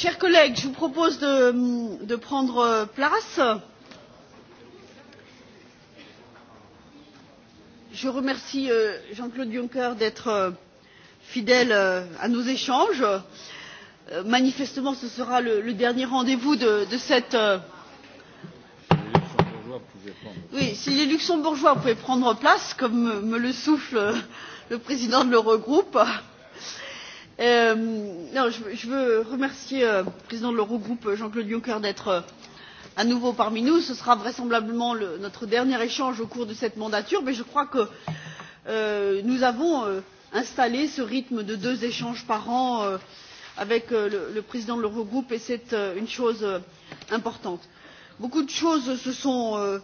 chers collègues je vous propose de, de prendre place. je remercie jean claude juncker d'être fidèle à nos échanges. manifestement ce sera le, le dernier rendez vous de, de cette oui si les luxembourgeois pouvaient prendre place comme me le souffle le président de l'eurogroupe je veux remercier le président de l'eurogroupe jean claude juncker d'être à nouveau parmi nous. ce sera vraisemblablement notre dernier échange au cours de cette mandature mais je crois que nous avons installé ce rythme de deux échanges par an avec le président de l'eurogroupe et c'est une chose importante. beaucoup de choses se sont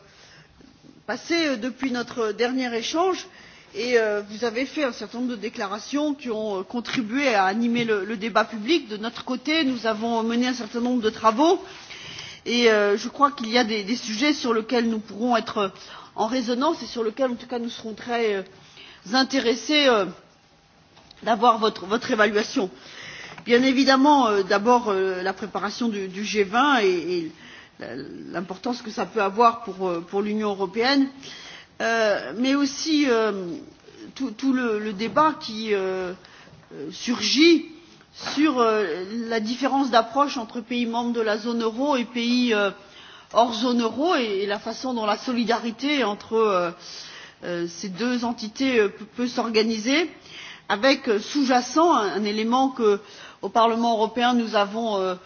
passées depuis notre dernier échange et et vous avez fait un certain nombre de déclarations qui ont contribué à animer le débat public. de notre côté nous avons mené un certain nombre de travaux et je crois qu'il y a des sujets sur lesquels nous pourrons être en résonance et sur lesquels en tout cas nous serons très intéressés d'avoir votre évaluation. bien évidemment d'abord la préparation du g vingt et l'importance que cela peut avoir pour l'union européenne mais aussi tout le débat qui surgit sur la différence d'approche entre pays membres de la zone euro et pays hors zone euro et la façon dont la solidarité entre ces deux entités peut s'organiser avec sous jacent un élément que au parlement européen nous avons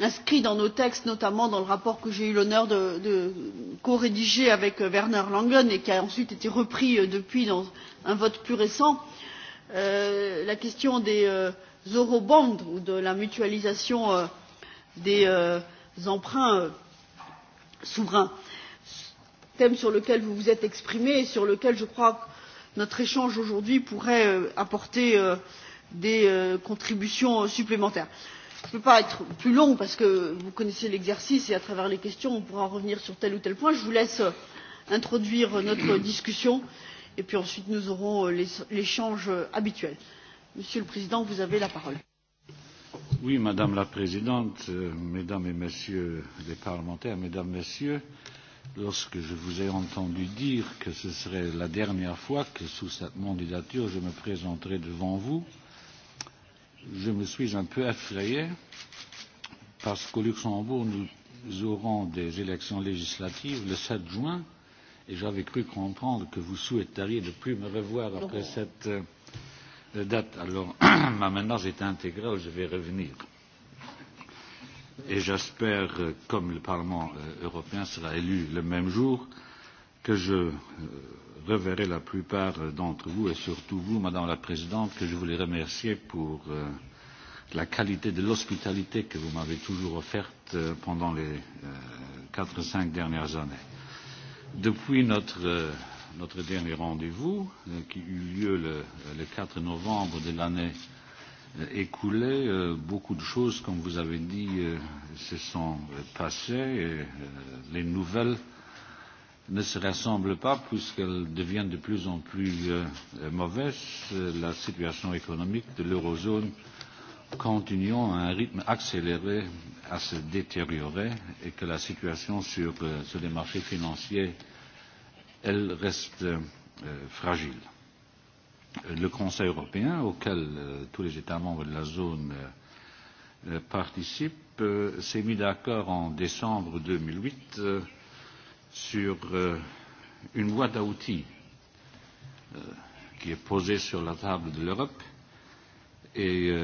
inscrit dans nos textes notamment dans le rapport que j'ai eu l'honneur de corédiger avec werner langen et qui a ensuite été repris depuis dans un vote plus récent la question des eurobonds ou de la mutualisation des emprunts souverains thème sur lequel vous vous êtes exprimé et sur lequel je crois que notre échange aujourd'hui pourrait apporter des contributions supplémentaires je ne peux pas être plus longue parce que vous connaissez l'exercice et à travers les questions on pourra revenir sur tel ou tel point. je vous laisse introduire notre discussion et puis ensuite nous aurons l'échange habituel. monsieur le président vous avez la parole. Oui, madame la présidente mesdames et messieurs les parlementaires mesdames messieurs lorsque je vous ai entendu dire que ce serait la dernière fois que sous cette mandature je me présenterai devant vous je me suis un peu effrayé parce qu'au Luxembourg, nous aurons des élections législatives le 7 juin et j'avais cru comprendre que vous souhaiteriez ne plus me revoir après cette date. Alors, maintenant, est intégral, je vais revenir. Et j'espère, comme le Parlement européen sera élu le même jour, euh, que je reverrai la plupart d'entre vous et surtout vous, Madame la Présidente, que je voulais remercier pour la qualité de l'hospitalité que vous m'avez toujours offerte pendant les quatre ou cinq dernières années. Depuis notre, notre dernier rendez-vous, qui eut lieu le, le 4 novembre de l'année écoulée, beaucoup de choses, comme vous avez dit, se sont passées. Et, les nouvelles ne se rassemblent pas puisqu'elles deviennent de plus en plus mauvaises, la situation économique de l'eurozone continuant à un rythme accéléré à se détériorer et que la situation sur, sur les marchés financiers, elle reste fragile. Le Conseil européen, auquel tous les États membres de la zone participent, s'est mis d'accord en décembre deux mille huit sur une boîte à outils qui est posée sur la table de l'Europe et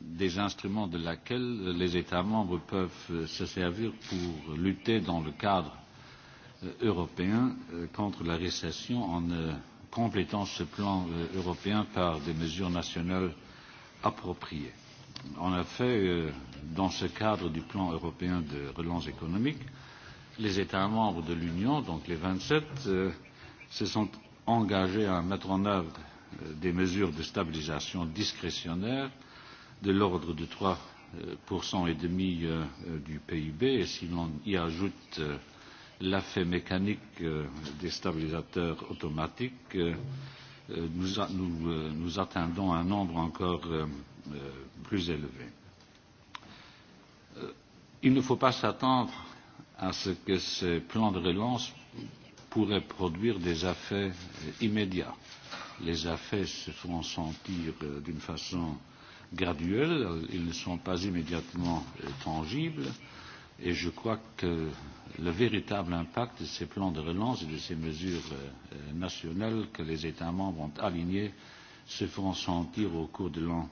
des instruments de laquelle les États membres peuvent se servir pour lutter dans le cadre européen contre la récession en complétant ce plan européen par des mesures nationales appropriées. En effet, dans ce cadre du plan européen de relance économique, les États membres de l'Union, donc les vingt sept, se sont engagés à mettre en œuvre des mesures de stabilisation discrétionnaire de l'ordre de trois et demi du PIB et si l'on y ajoute l'effet mécanique des stabilisateurs automatiques, nous, nous, nous atteindrons un nombre encore plus élevé. Il ne faut pas s'attendre à ce que ce plan de relance pourrait produire des effets immédiats. Les effets se feront sentir d'une façon graduelle, ils ne sont pas immédiatement tangibles, euh, Et je crois que le véritable impact de ces plans de relance et de ces mesures nationales que les États membres ont alignées se feront sentir au cours de l'an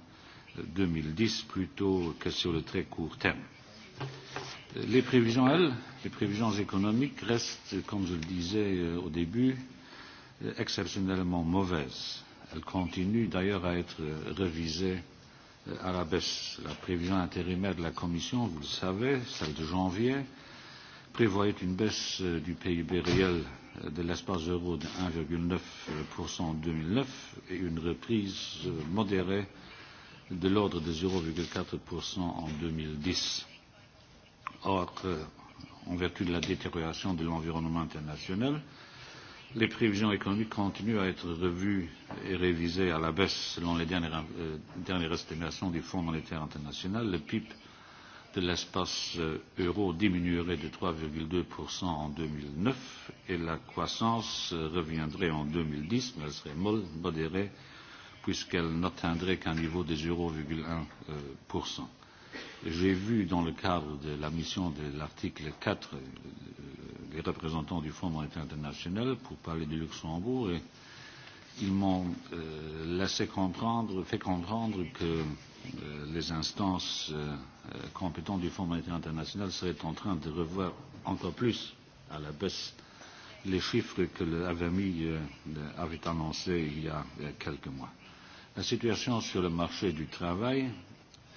deux mille dix plutôt que sur le très court terme. Les prévisions, elles, les prévisions économiques restent, comme je le disais au début, exceptionnellement mauvaises. Elles continuent d'ailleurs à être révisées à la baisse. La prévision intérimaire de la Commission, vous le savez, celle de janvier, prévoyait une baisse du PIB réel de l'espace euro de 1,9% en 2009 et une reprise modérée de l'ordre de 0,4% en 2010. Or, en vertu de la détérioration de l'environnement international, euh, Les prévisions économiques continuent à être revues et révisées à la baisse selon les dernières, euh, dernières estimations du Fonds monétaire international. Le PIB de l'espace euro diminuerait de 3,2% en 2009 et la croissance reviendrait en 2010, mais elle serait modérée puisqu'elle n'atteindrait qu'un niveau de 0,1%. J'ai vu dans le cadre de la mission de l'article 4 les représentants du Fonds monétaire international pour parler du Luxembourg et ils m'ont euh, laissé comprendre, fait comprendre que euh, les instances euh, compétentes du Fonds monétaire international seraient en train de revoir encore plus à la baisse les chiffres que le FMI euh, avait annoncés il y a euh, quelques mois. La situation sur le marché du travail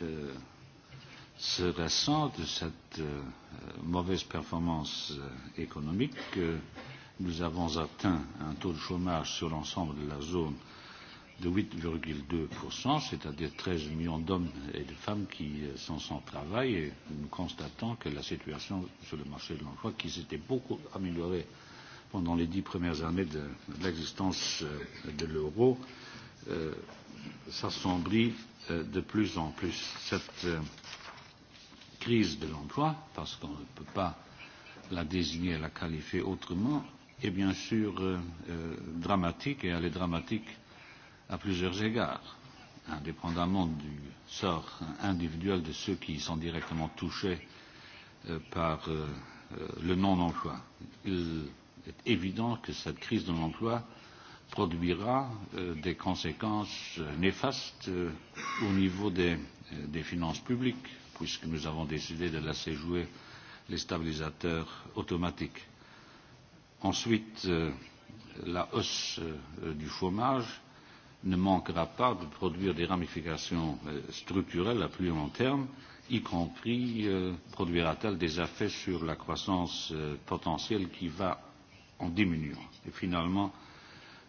euh, se récent de cette mauvaise performance économique, nous avons atteint un taux de chômage sur l'ensemble de la zone de 8,2%, c'est-à-dire 13 millions d'hommes et de femmes qui sont sans travail. Et nous constatons que la situation sur le marché de l'emploi, qui s'était beaucoup améliorée pendant les dix premières années de l'existence de l'euro, s'assombrit de plus en plus. Cette crise de l'emploi, parce qu'on ne peut pas la désigner, la qualifier autrement, est bien sûr euh, euh, dramatique et elle est dramatique à plusieurs égards, indépendamment du sort individuel de ceux qui sont directement touchés euh, par euh, le non-emploi. Il est évident que cette crise de l'emploi produira euh, des conséquences néfastes euh, au niveau des, des finances publiques, puisque nous avons décidé de laisser jouer les stabilisateurs automatiques. Ensuite, la hausse du chômage ne manquera pas de produire des ramifications structurelles à plus long terme, y compris produira-t-elle des effets sur la croissance potentielle qui va en diminuant. Et finalement,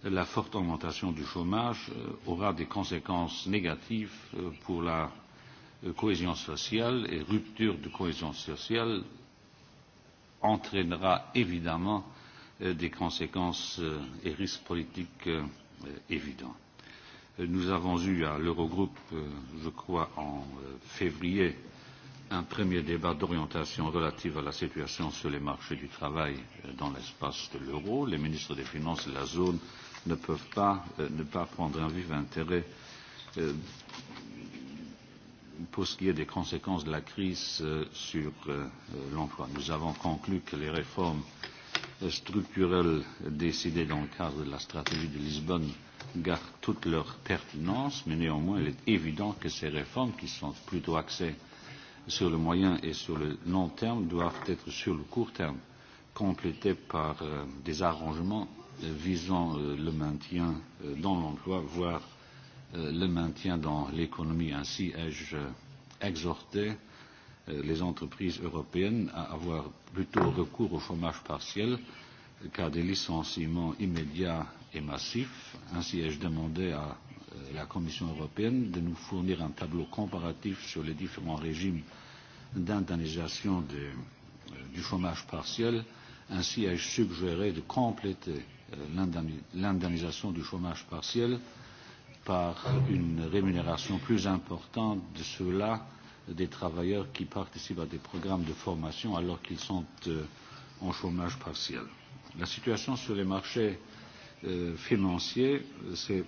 la forte augmentation du chômage aura des conséquences négatives pour la cohésion sociale et rupture de cohésion sociale entraînera évidemment des conséquences et risques politiques évidents. Nous avons eu à l'Eurogroupe, je crois en février, un premier débat d'orientation relative à la situation sur les marchés du travail dans l'espace de l'euro. Les ministres des Finances de la zone ne peuvent pas ne pas prendre un vif intérêt pour ce qui est des conséquences de la crise sur l'emploi. Nous avons conclu que les réformes structurelles décidées dans le cadre de la stratégie de Lisbonne gardent toute leur pertinence, mais néanmoins, il est évident que ces réformes, qui sont plutôt axées sur le moyen et sur le long terme, doivent être sur le court terme complétées par des arrangements visant le maintien dans l'emploi, voire le maintien dans l'économie. Ainsi ai-je exhorté les entreprises européennes à avoir plutôt recours au chômage partiel qu'à des licenciements immédiats et massifs. Ainsi ai-je demandé à la Commission européenne de nous fournir un tableau comparatif sur les différents régimes d'indemnisation du chômage partiel. Ainsi ai-je suggéré de compléter l'indemnisation du chômage partiel par une rémunération plus importante de ceux-là, des travailleurs qui participent à des programmes de formation alors qu'ils sont en chômage partiel. La situation sur les marchés financiers s'est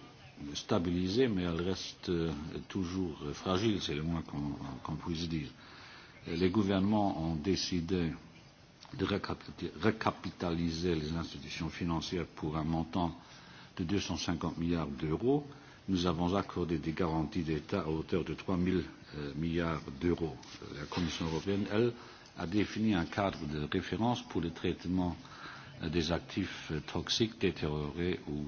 stabilisée, mais elle reste toujours fragile, c'est le moins qu'on puisse dire. Les gouvernements ont décidé de recapitaliser les institutions financières pour un montant de 250 milliards d'euros nous avons accordé des garanties d'État à hauteur de 3 000 milliards d'euros. La Commission européenne, elle, a défini un cadre de référence pour le traitement des actifs toxiques détériorés ou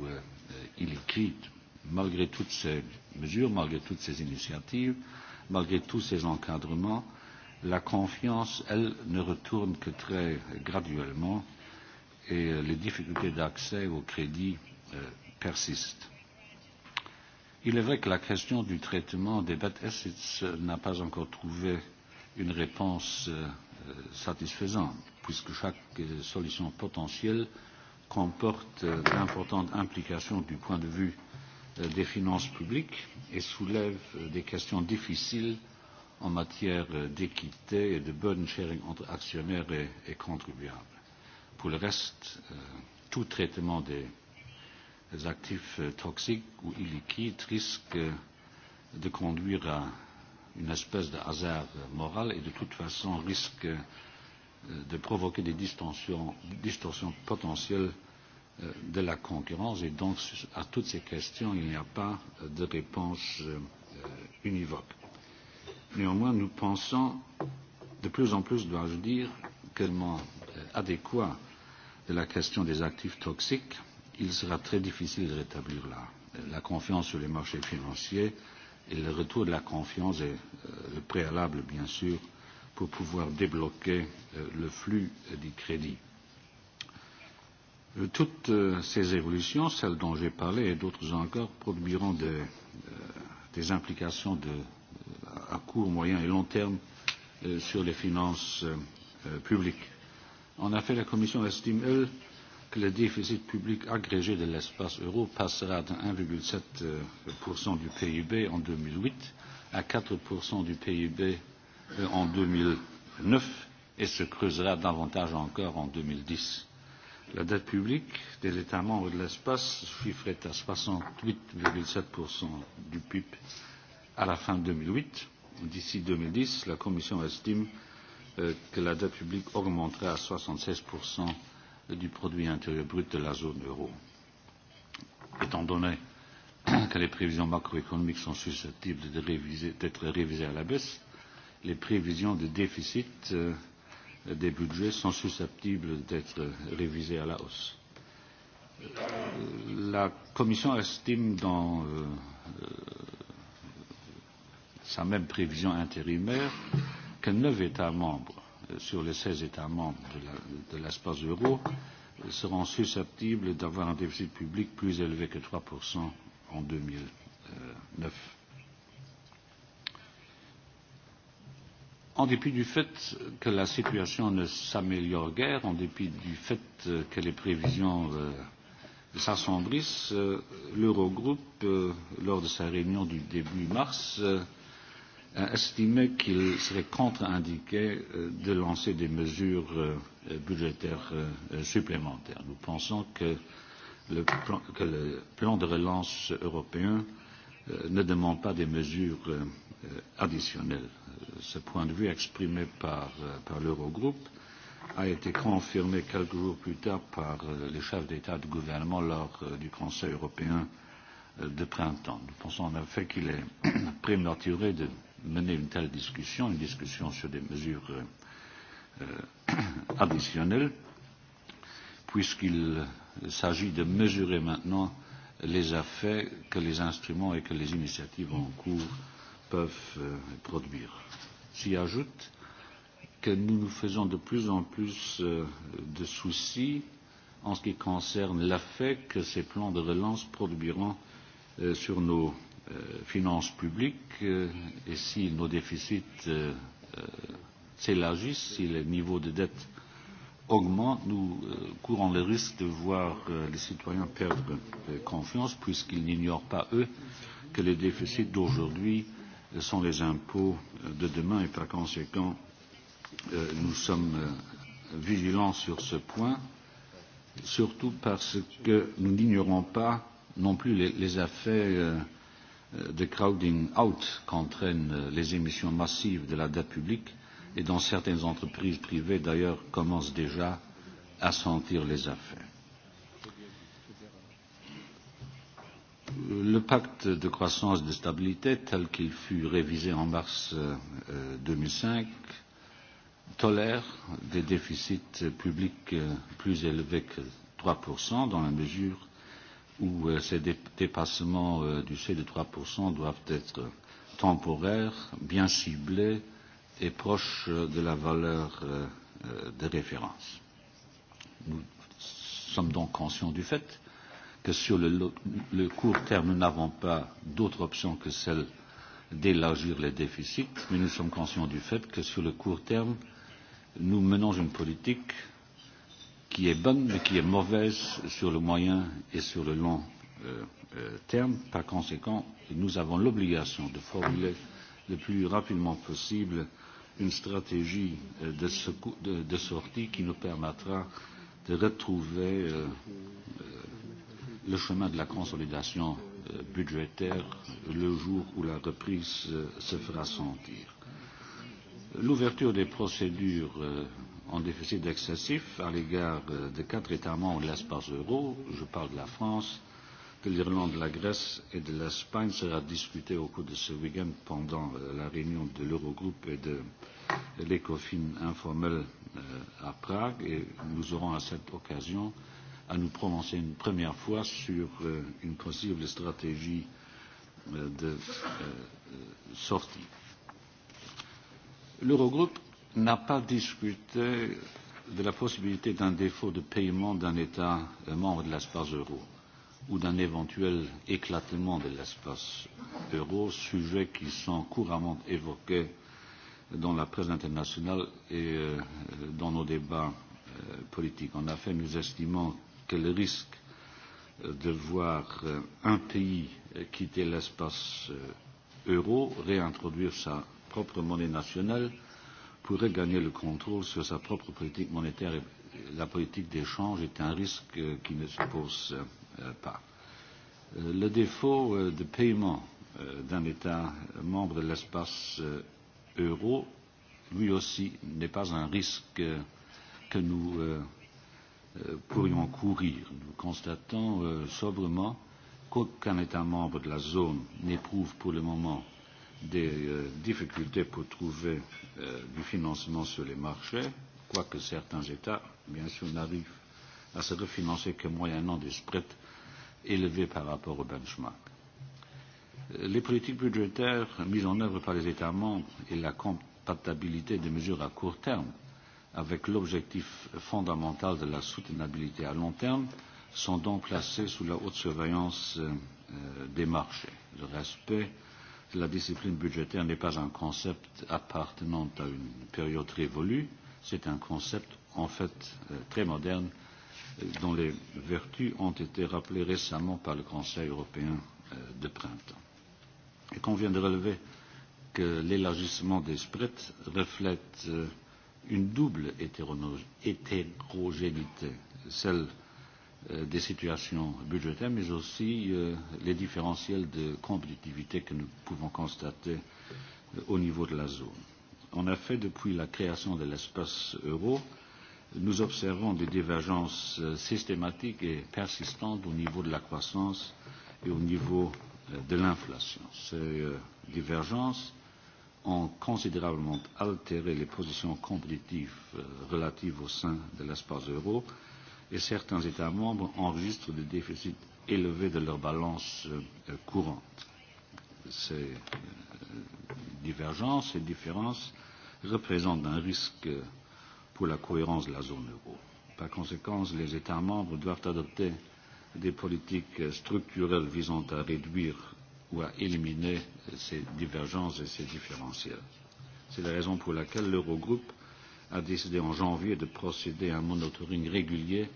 illiquides. Malgré toutes ces mesures, malgré toutes ces initiatives, malgré tous ces encadrements, la confiance, elle, ne retourne que très graduellement et les difficultés d'accès au crédit persistent Il est vrai que la question du traitement des bad assets n'a pas encore trouvé une réponse satisfaisante, puisque chaque solution potentielle comporte d'importantes implications du point de vue des finances publiques et soulève des questions difficiles en matière d'équité et de bonne sharing entre actionnaires et, contribuables. Pour le reste, tout traitement des Les actifs toxiques ou illiquides risquent de conduire à une espèce de hasard moral et de toute façon risquent de provoquer des distorsions, distorsions potentielles de la concurrence et donc à toutes ces questions il n'y a pas de réponse univoque. Néanmoins, nous pensons de plus en plus, dois-je dire, tellement adéquat de la question des actifs toxiques il sera très difficile de rétablir la, la confiance sur les marchés financiers et le retour de la confiance est euh, le préalable, bien sûr, pour pouvoir débloquer euh, le flux euh, du crédit. Euh, toutes euh, ces évolutions, celles dont j'ai parlé et d'autres encore, produiront des, euh, des implications de, à court, moyen et long terme euh, sur les finances euh, publiques. En effet, la Commission estime, elle, que le déficit public agrégé de l'espace euro passera de 1,7% du PIB en 2008 à 4% du PIB en 2009 et se creusera davantage encore en 2010. La dette publique des États membres de l'espace chiffrait à 68,7% du PIB à la fin 2008. D'ici 2010, la Commission estime que la dette publique augmentera à 76% du produit intérieur brut de la zone euro. Étant donné que les prévisions macroéconomiques sont susceptibles d'être révisées à la baisse, les prévisions de déficit des budgets sont susceptibles d'être révisées à la hausse. La Commission estime dans sa même prévision intérimaire que neuf États membres sur les 16 États membres de l'espace euro seront susceptibles d'avoir un déficit public plus élevé que 3% en 2009. En dépit du fait que la situation ne s'améliore guère, en dépit du fait que les prévisions s'assombrissent, l'Eurogroupe, lors de sa réunion du début mars, a estimé qu'il serait contre-indiqué de lancer des mesures budgétaires supplémentaires. Nous pensons que le, plan, que le plan de relance européen ne demande pas des mesures additionnelles. Ce point de vue exprimé par, par l'Eurogroupe a été confirmé quelques jours plus tard par les chefs d'État et de gouvernement lors du Conseil européen de printemps. Nous pensons en effet qu'il est prématuré de mener une telle discussion, une discussion sur des mesures euh, additionnelles, puisqu'il s'agit de mesurer maintenant les effets que les instruments et que les initiatives en cours peuvent euh, produire. J'y ajoute que nous nous faisons de plus en plus euh, de soucis en ce qui concerne l'effet que ces plans de relance produiront euh, sur nos finances publiques et si nos déficits s'élargissent, si le niveau de dette augmente, nous courons le risque de voir les citoyens perdre confiance puisqu'ils n'ignorent pas, eux, que les déficits d'aujourd'hui sont les impôts de demain et par conséquent, nous sommes vigilants sur ce point, surtout parce que nous n'ignorons pas non plus les, effets de crowding out qu'entraînent les émissions massives de la dette publique et dont certaines entreprises privées d'ailleurs commencent déjà à sentir les affaires. Le pacte de croissance et de stabilité tel qu'il fut révisé en mars deux mille cinq tolère des déficits publics plus élevés que trois dans la mesure où euh, ces dé dépassements euh, du seuil de 3% doivent être temporaires, bien ciblés et proches euh, de la valeur euh, de référence. Nous sommes donc conscients du fait que sur le, le court terme, nous n'avons pas d'autre option que celle d'élargir les déficits, mais nous sommes conscients du fait que sur le court terme, nous menons une politique qui est bonne mais qui est mauvaise sur le moyen et sur le long terme. Par conséquent, nous avons l'obligation de formuler le plus rapidement possible une stratégie de, sortie qui nous permettra de retrouver le chemin de la consolidation budgétaire le jour où la reprise se fera sentir. L'ouverture des procédures en déficit excessif à l'égard de quatre États membres de l'espace euro, je parle de la France, de l'Irlande, de la Grèce et de l'Espagne, sera discuté au cours de ce week-end pendant la réunion de l'Eurogroupe et de l'ECOFIN informel à Prague. Et nous aurons à cette occasion à nous prononcer une première fois sur une possible stratégie de sortie. L'Eurogroupe n'a pas discuté de la possibilité d'un défaut de paiement d'un État membre de l'espace euro ou d'un éventuel éclatement de l'espace euro, sujets qui sont couramment évoqués dans la presse internationale et dans nos débats politiques. En effet, nous estimons que le risque de voir un pays quitter l'espace euro, réintroduire sa propre monnaie nationale, pourrait gagner le contrôle sur sa propre politique monétaire et la politique d'échange est un risque qui ne se pose pas. Le défaut de paiement d'un État membre de l'espace euro, lui aussi, n'est pas un risque que nous pourrions courir. Nous constatons sobrement qu'aucun État membre de la zone n'éprouve pour le moment des difficultés pour trouver du financement sur les marchés, quoique certains États, bien sûr, n'arrivent à se refinancer que moyennant des spreads élevés par rapport au benchmark. Les politiques budgétaires mises en œuvre par les États membres et la compatibilité des mesures à court terme avec l'objectif fondamental de la soutenabilité à long terme sont donc placées sous la haute surveillance des marchés. Le respect euh, la discipline budgétaire n'est pas un concept appartenant à une période révolue, c'est un concept en fait très moderne dont les vertus ont été rappelées récemment par le Conseil européen de printemps. Il convient de relever que l'élargissement des spreads reflète une double hétérogénéité, celle des situations budgétaires, mais aussi les différentiels de compétitivité que nous pouvons constater au niveau de la zone. En effet, depuis la création de l'espace euro, nous observons des divergences systématiques et persistantes au niveau de la croissance et au niveau de l'inflation. Ces divergences ont considérablement altéré les positions compétitives relatives au sein de l'espace euro, et certains États membres enregistrent des déficits élevés de leur balance courante. Ces divergences et différences représentent un risque pour la cohérence de la zone euro. Par conséquent, les États membres doivent adopter des politiques structurelles visant à réduire ou à éliminer ces divergences et ces différentiels. C'est la raison pour laquelle l'Eurogroupe a décidé en janvier de procéder à un monitoring régulier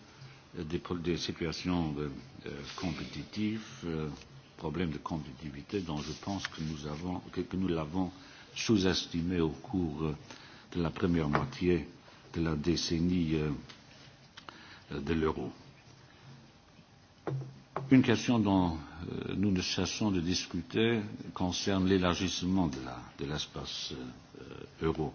des, des situations de, euh, compétitives, euh, problèmes de compétitivité dont je pense que nous, avons, que, que nous l'avons sous-estimé au cours de la première moitié de la décennie euh, de l'euro. Une question dont euh, nous ne cessons de discuter concerne l'élargissement de l'espace euh, euro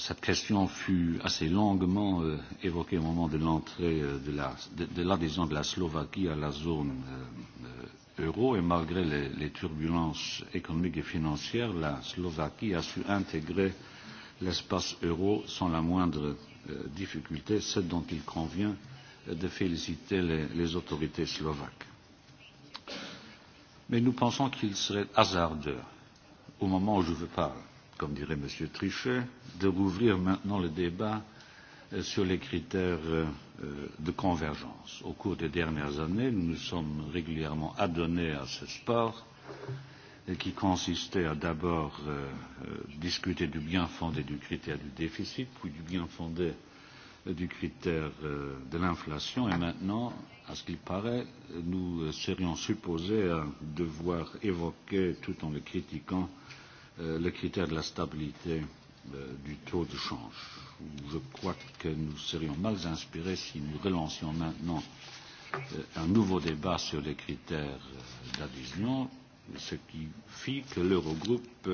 cette question fut assez longuement euh, évoquée au moment de l'entrée euh, de, la, de, de l'adhésion de la Slovaquie à la zone euh, euro et malgré les, les turbulences économiques et financières, la Slovaquie a su intégrer l'espace euro sans la moindre euh, difficulté, ce dont il convient euh, de féliciter les, les autorités slovaques. Mais nous pensons qu'il serait hasardeux, au moment où je vous parle, comme dirait M. Trichet, de rouvrir maintenant le débat sur les critères de convergence. Au cours des dernières années, nous nous sommes régulièrement adonnés à ce sport qui consistait à d'abord discuter du bien fondé du critère du déficit, puis du bien fondé du critère de l'inflation, et maintenant, à ce qu'il paraît, nous serions supposés à devoir évoquer, tout en le critiquant, le critère de la stabilité du taux de change. Je crois que nous serions mal inspirés si nous relancions maintenant un nouveau débat sur les critères d'adhésion, ce qui fit que l'Eurogroupe,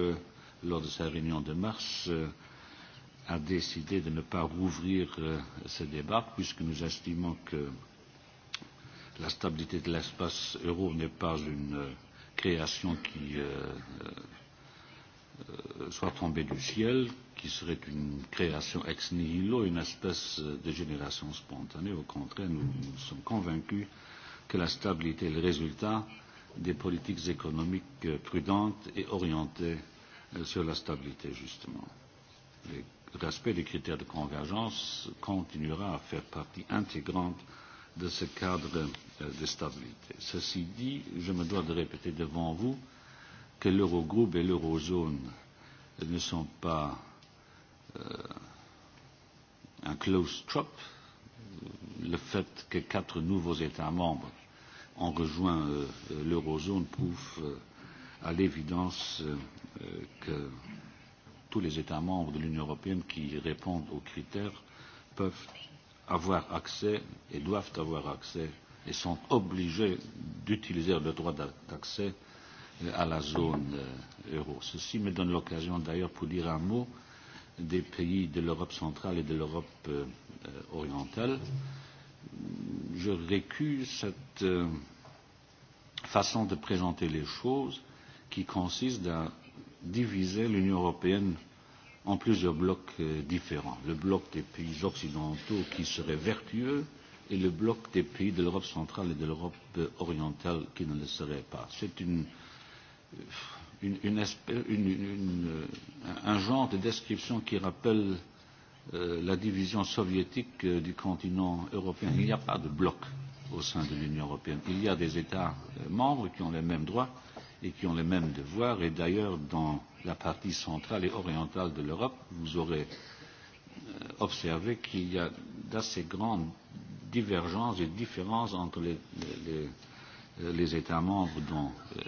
lors de sa réunion de mars, a décidé de ne pas rouvrir ce débat puisque nous estimons que la stabilité de l'espace euro n'est pas une création qui soit tombé du ciel, qui serait une création ex nihilo, une espèce de génération spontanée. Au contraire, nous, nous sommes convaincus que la stabilité est le résultat des politiques économiques prudentes et orientées sur la stabilité, justement. Le respect des critères de convergence continuera à faire partie intégrante de ce cadre de stabilité. Ceci dit, je me dois de répéter devant vous que l'Eurogroupe et l'Eurozone ne sont pas euh, un close trop. Le fait que quatre nouveaux États membres ont rejoint euh, l'Eurozone prouve euh, à l'évidence euh, que tous les États membres de l'Union européenne qui répondent aux critères peuvent avoir accès et doivent avoir accès et sont obligés d'utiliser le droit d'accès à la zone euro. Ceci me donne l'occasion d'ailleurs pour dire un mot des pays de l'Europe centrale et de l'Europe orientale. Je récuse cette façon de présenter les choses qui consiste à diviser l'Union européenne en plusieurs blocs différents. Le bloc des pays occidentaux qui serait vertueux et le bloc des pays de l'Europe centrale et de l'Europe orientale qui ne le serait pas. C'est une euh, une, une, une, une, un genre de description qui rappelle euh, la division soviétique euh, du continent européen. Il n'y a pas de bloc au sein de l'Union européenne. Il y a des États membres qui ont les mêmes droits et qui ont les mêmes devoirs. Et d'ailleurs, dans la partie centrale et orientale de l'Europe, vous aurez observé qu'il y a d'assez grandes divergences et différences entre les, les, les États membres Euh,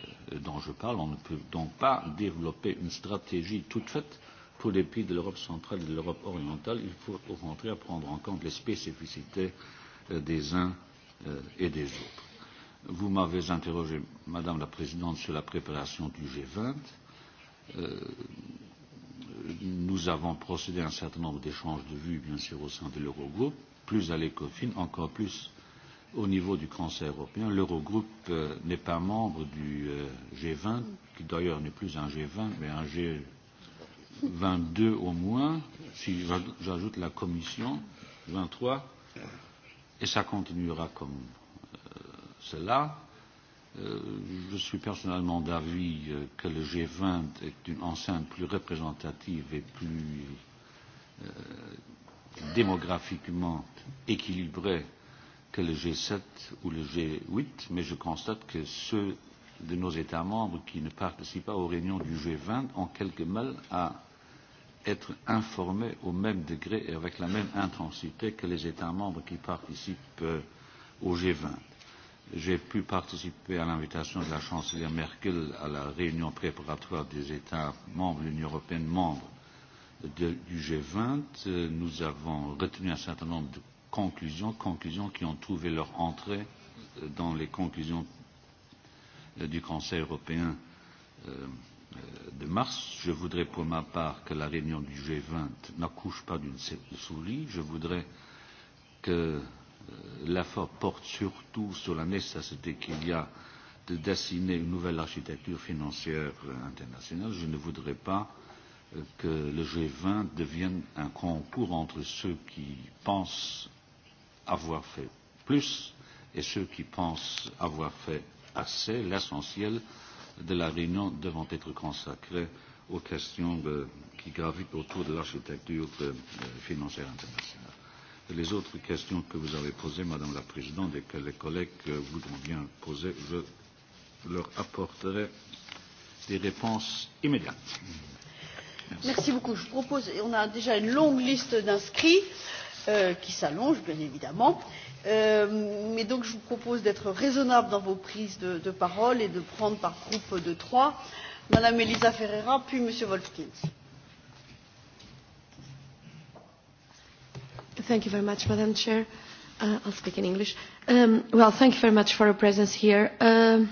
dont je parle, on ne peut donc pas développer une stratégie toute faite pour les pays de l'Europe centrale et de l'Europe orientale. Il faut au contraire prendre en compte les spécificités des uns et des autres. Vous m'avez interrogé, Madame la Présidente, sur la préparation du G20. Nous avons procédé à un certain nombre d'échanges de vues, bien sûr, au sein de l'Eurogroupe, plus à l'ECOFIN, encore plus au niveau du Conseil européen. L'Eurogroupe euh, n'est pas membre du euh, G20, qui d'ailleurs n'est plus un G20, mais un G22 au moins, si j'ajoute la Commission, 23, et ça continuera comme euh, cela. Euh, je suis personnellement d'avis euh, que le G20 est une enceinte plus représentative et plus euh, démographiquement équilibrée euh, que le G7 ou le G8, mais je constate que ceux de nos États membres qui ne participent pas aux réunions du G20 ont quelque mal à être informés au même degré et avec la même intensité que les États membres qui participent au G20. J'ai pu participer à l'invitation de la chancelière Merkel à la réunion préparatoire des États membres, l'Union européenne membre de, du G20. Nous avons retenu un certain nombre de conclusions, conclusions qui ont trouvé leur entrée dans les conclusions du Conseil européen de mars. Je voudrais pour ma part que la réunion du G20 n'accouche pas d'une souris. Je voudrais que l'effort porte surtout sur la nécessité qu'il y a de dessiner une nouvelle architecture financière internationale. Je ne voudrais pas que le G20 devienne un concours entre ceux qui pensent avoir fait plus et ceux qui pensent avoir fait assez, l'essentiel de la réunion devant être consacré aux questions qui gravitent autour de l'architecture financière internationale. Les autres questions que vous avez posées, Madame la Présidente, et que les collègues voudront bien poser, je leur apporterai des réponses immédiates. Merci beaucoup. Je propose, on a déjà une longue liste d'inscrits qui s'allonge bien évidemment mais donc je vous propose d'être raisonnables dans vos prises de parole et de prendre par groupe de trois mme elisa ferreira puis m. wolfklinz. Thank you very much, Madam Chair. Uh, I'll speak in English. Um, well, thank you very much for your presence here. Um,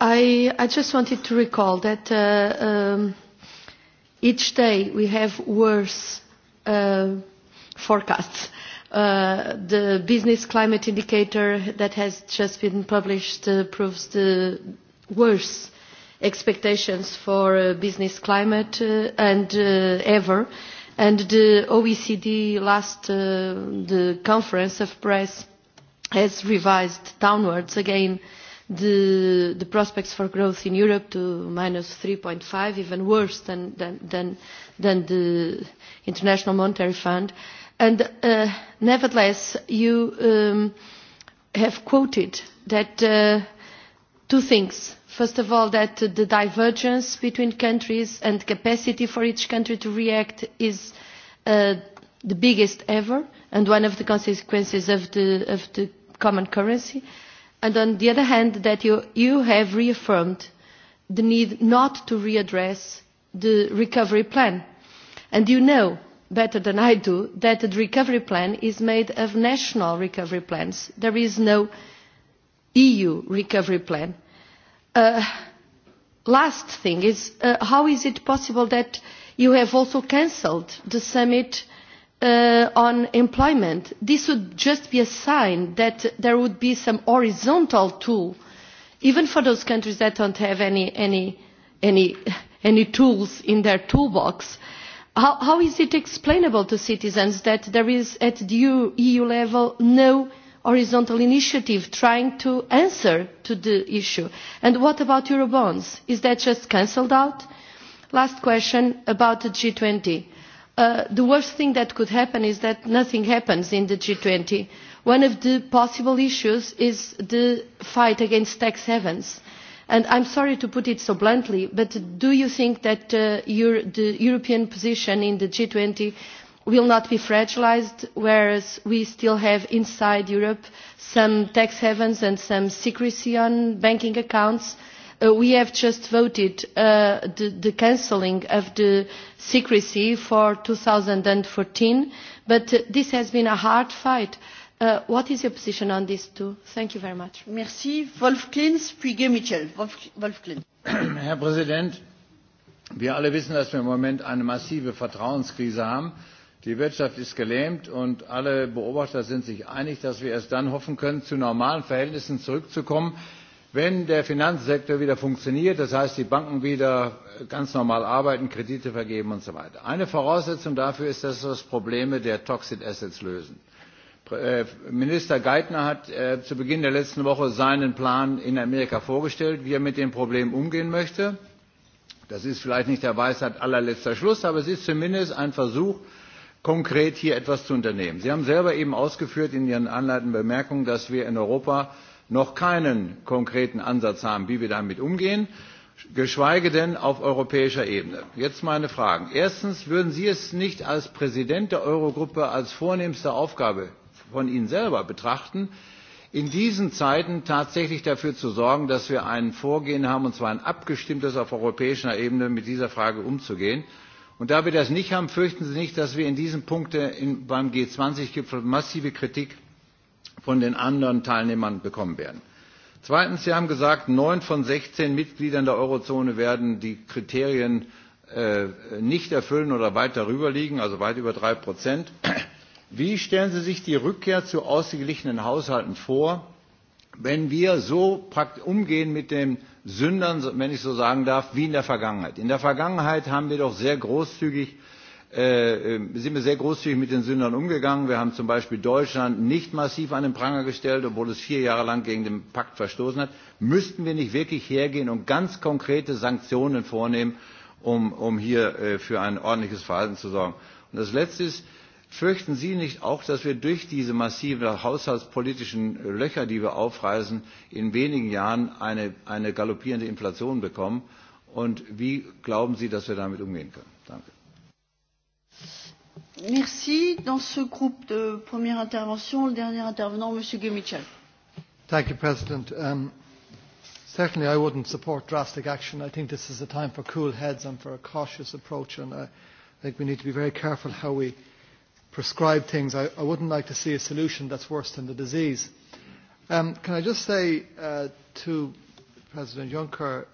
I, I just wanted to recall that uh, um, each day we have worse uh, forecasts. Uh, the business climate indicator that has just been published uh, proves the worst expectations for uh, business climate uh, and uh, ever. And the OECD last uh, the conference of press has revised downwards again the, the prospects for growth in Europe to minus 3.5, even worse than, than, than, than the International Monetary Fund. And uh, nevertheless, you um, have quoted that uh, two things. First of all, that the divergence between countries and capacity for each country to react is uh, the biggest ever and one of the consequences of the, of the common currency. And on the other hand, that you, you have reaffirmed the need not to readdress the recovery plan. And you know better than I do that the recovery plan is made of national recovery plans. There is no EU recovery plan. Uh, last thing is uh, how is it possible that you have also cancelled the summit uh, on employment? This would just be a sign that there would be some horizontal tool, even for those countries that don't have any, any, any, any tools in their toolbox. Uh, How, is it explainable to citizens that there is at EU level no horizontal initiative trying to answer to the issue? And what about Eurobonds? Is that just cancelled out? Last question about the g twenty. the worst thing that could happen is that nothing happens in the g twenty. One of the possible issues is the fight against tax havens and i am sorry to put it so bluntly but do you think that the european position in the g twenty will not be fragilised whereas we still have inside europe some tax havens and some secrecy on banking accounts? we have just voted the cancelling of the secrecy for two thousand and fourteen but this has been a hard fight what is your position on this too? Thank you very much. Merci. Wolf Klins, puis Guy Mitchell. Wolf, Klins. Herr Präsident, wir alle wissen, dass wir im Moment eine massive Vertrauenskrise haben. Die Wirtschaft ist gelähmt und alle Beobachter sind sich einig, dass wir erst dann hoffen können, zu normalen Verhältnissen zurückzukommen, wenn der Finanzsektor wieder funktioniert, das heißt die Banken wieder ganz normal arbeiten, Kredite vergeben und so weiter. Eine Voraussetzung dafür ist, dass wir das Probleme der Toxic Assets lösen. Minister Geithner hat zu Beginn der letzten Woche seinen Plan in Amerika vorgestellt, wie er mit dem Problem umgehen möchte. Das ist vielleicht nicht der Weisheit allerletzter Schluss, aber es ist zumindest ein Versuch, konkret hier etwas zu unternehmen. Sie haben selber eben ausgeführt in Ihren einleitenden Bemerkungen, dass wir in Europa noch keinen konkreten Ansatz haben, wie wir damit umgehen, geschweige denn auf europäischer Ebene. Jetzt meine Fragen. Erstens, würden Sie es nicht als Präsident der Eurogruppe als vornehmste Aufgabe von Ihnen selber betrachten, in diesen Zeiten tatsächlich dafür zu sorgen, dass wir ein Vorgehen haben, und zwar ein abgestimmtes auf europäischer Ebene mit dieser Frage umzugehen. Und da wir das nicht haben, fürchten Sie nicht, dass wir in diesem Punkt beim g zwanzig gipfel massive Kritik von den anderen Teilnehmern bekommen werden. Zweitens, Sie haben gesagt, neun von sechzehn Mitgliedern der Eurozone werden die Kriterien nicht erfüllen oder weit darüber liegen, also weit über drei Prozent. Wie stellen Sie sich die Rückkehr zu ausgeglichenen Haushalten vor, wenn wir so umgehen mit den Sündern, wenn ich so sagen darf, wie in der Vergangenheit? In der Vergangenheit haben wir doch sehr großzügig sind wir sehr großzügig mit den Sündern umgegangen. Wir haben zum Beispiel Deutschland nicht massiv an den Pranger gestellt, obwohl es vier Jahre lang gegen den Pakt verstoßen hat. Müssten wir nicht wirklich hergehen und ganz konkrete Sanktionen vornehmen, um, hier für ein ordentliches Verhalten zu sorgen? Und das Letzte ist, Fürchten Sie nicht auch, dass wir durch diese massiven haushaltspolitischen Löcher, die wir aufreißen, in wenigen Jahren eine, eine galoppierende Inflation bekommen? Und wie glauben Sie, dass wir damit umgehen können? Danke. Merci. Dans ce groupe de première intervention, le dernier intervenant, M. Gemichel. Thank you, President. Um, certainly, I wouldn't support drastic action. I think this is a time for cool heads and for a cautious approach, and I think we need to be very careful how we prescribe things. I, I wouldn't like to see a solution that's worse than the disease. Um, can I just say uh, to President Juncker,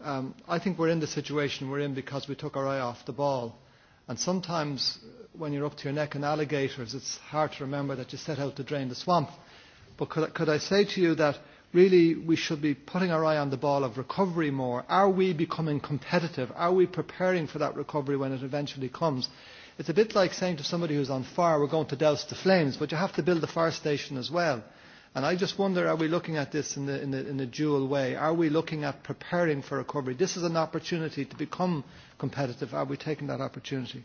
um, I think we're in the situation we're in because we took our eye off the ball. And sometimes when you're up to your neck in alligators, it's hard to remember that you set out to drain the swamp. But could, could I say to you that really we should be putting our eye on the ball of recovery more? Are we becoming competitive? Are we preparing for that recovery when it eventually comes? It's a bit like saying to somebody who's on fire, we're going to douse the flames, but you have to build the fire station as well. And I just wonder, are we looking at this in, the, in, the, in a dual way? Are we looking at preparing for recovery? This is an opportunity to become competitive. Are we taking that opportunity?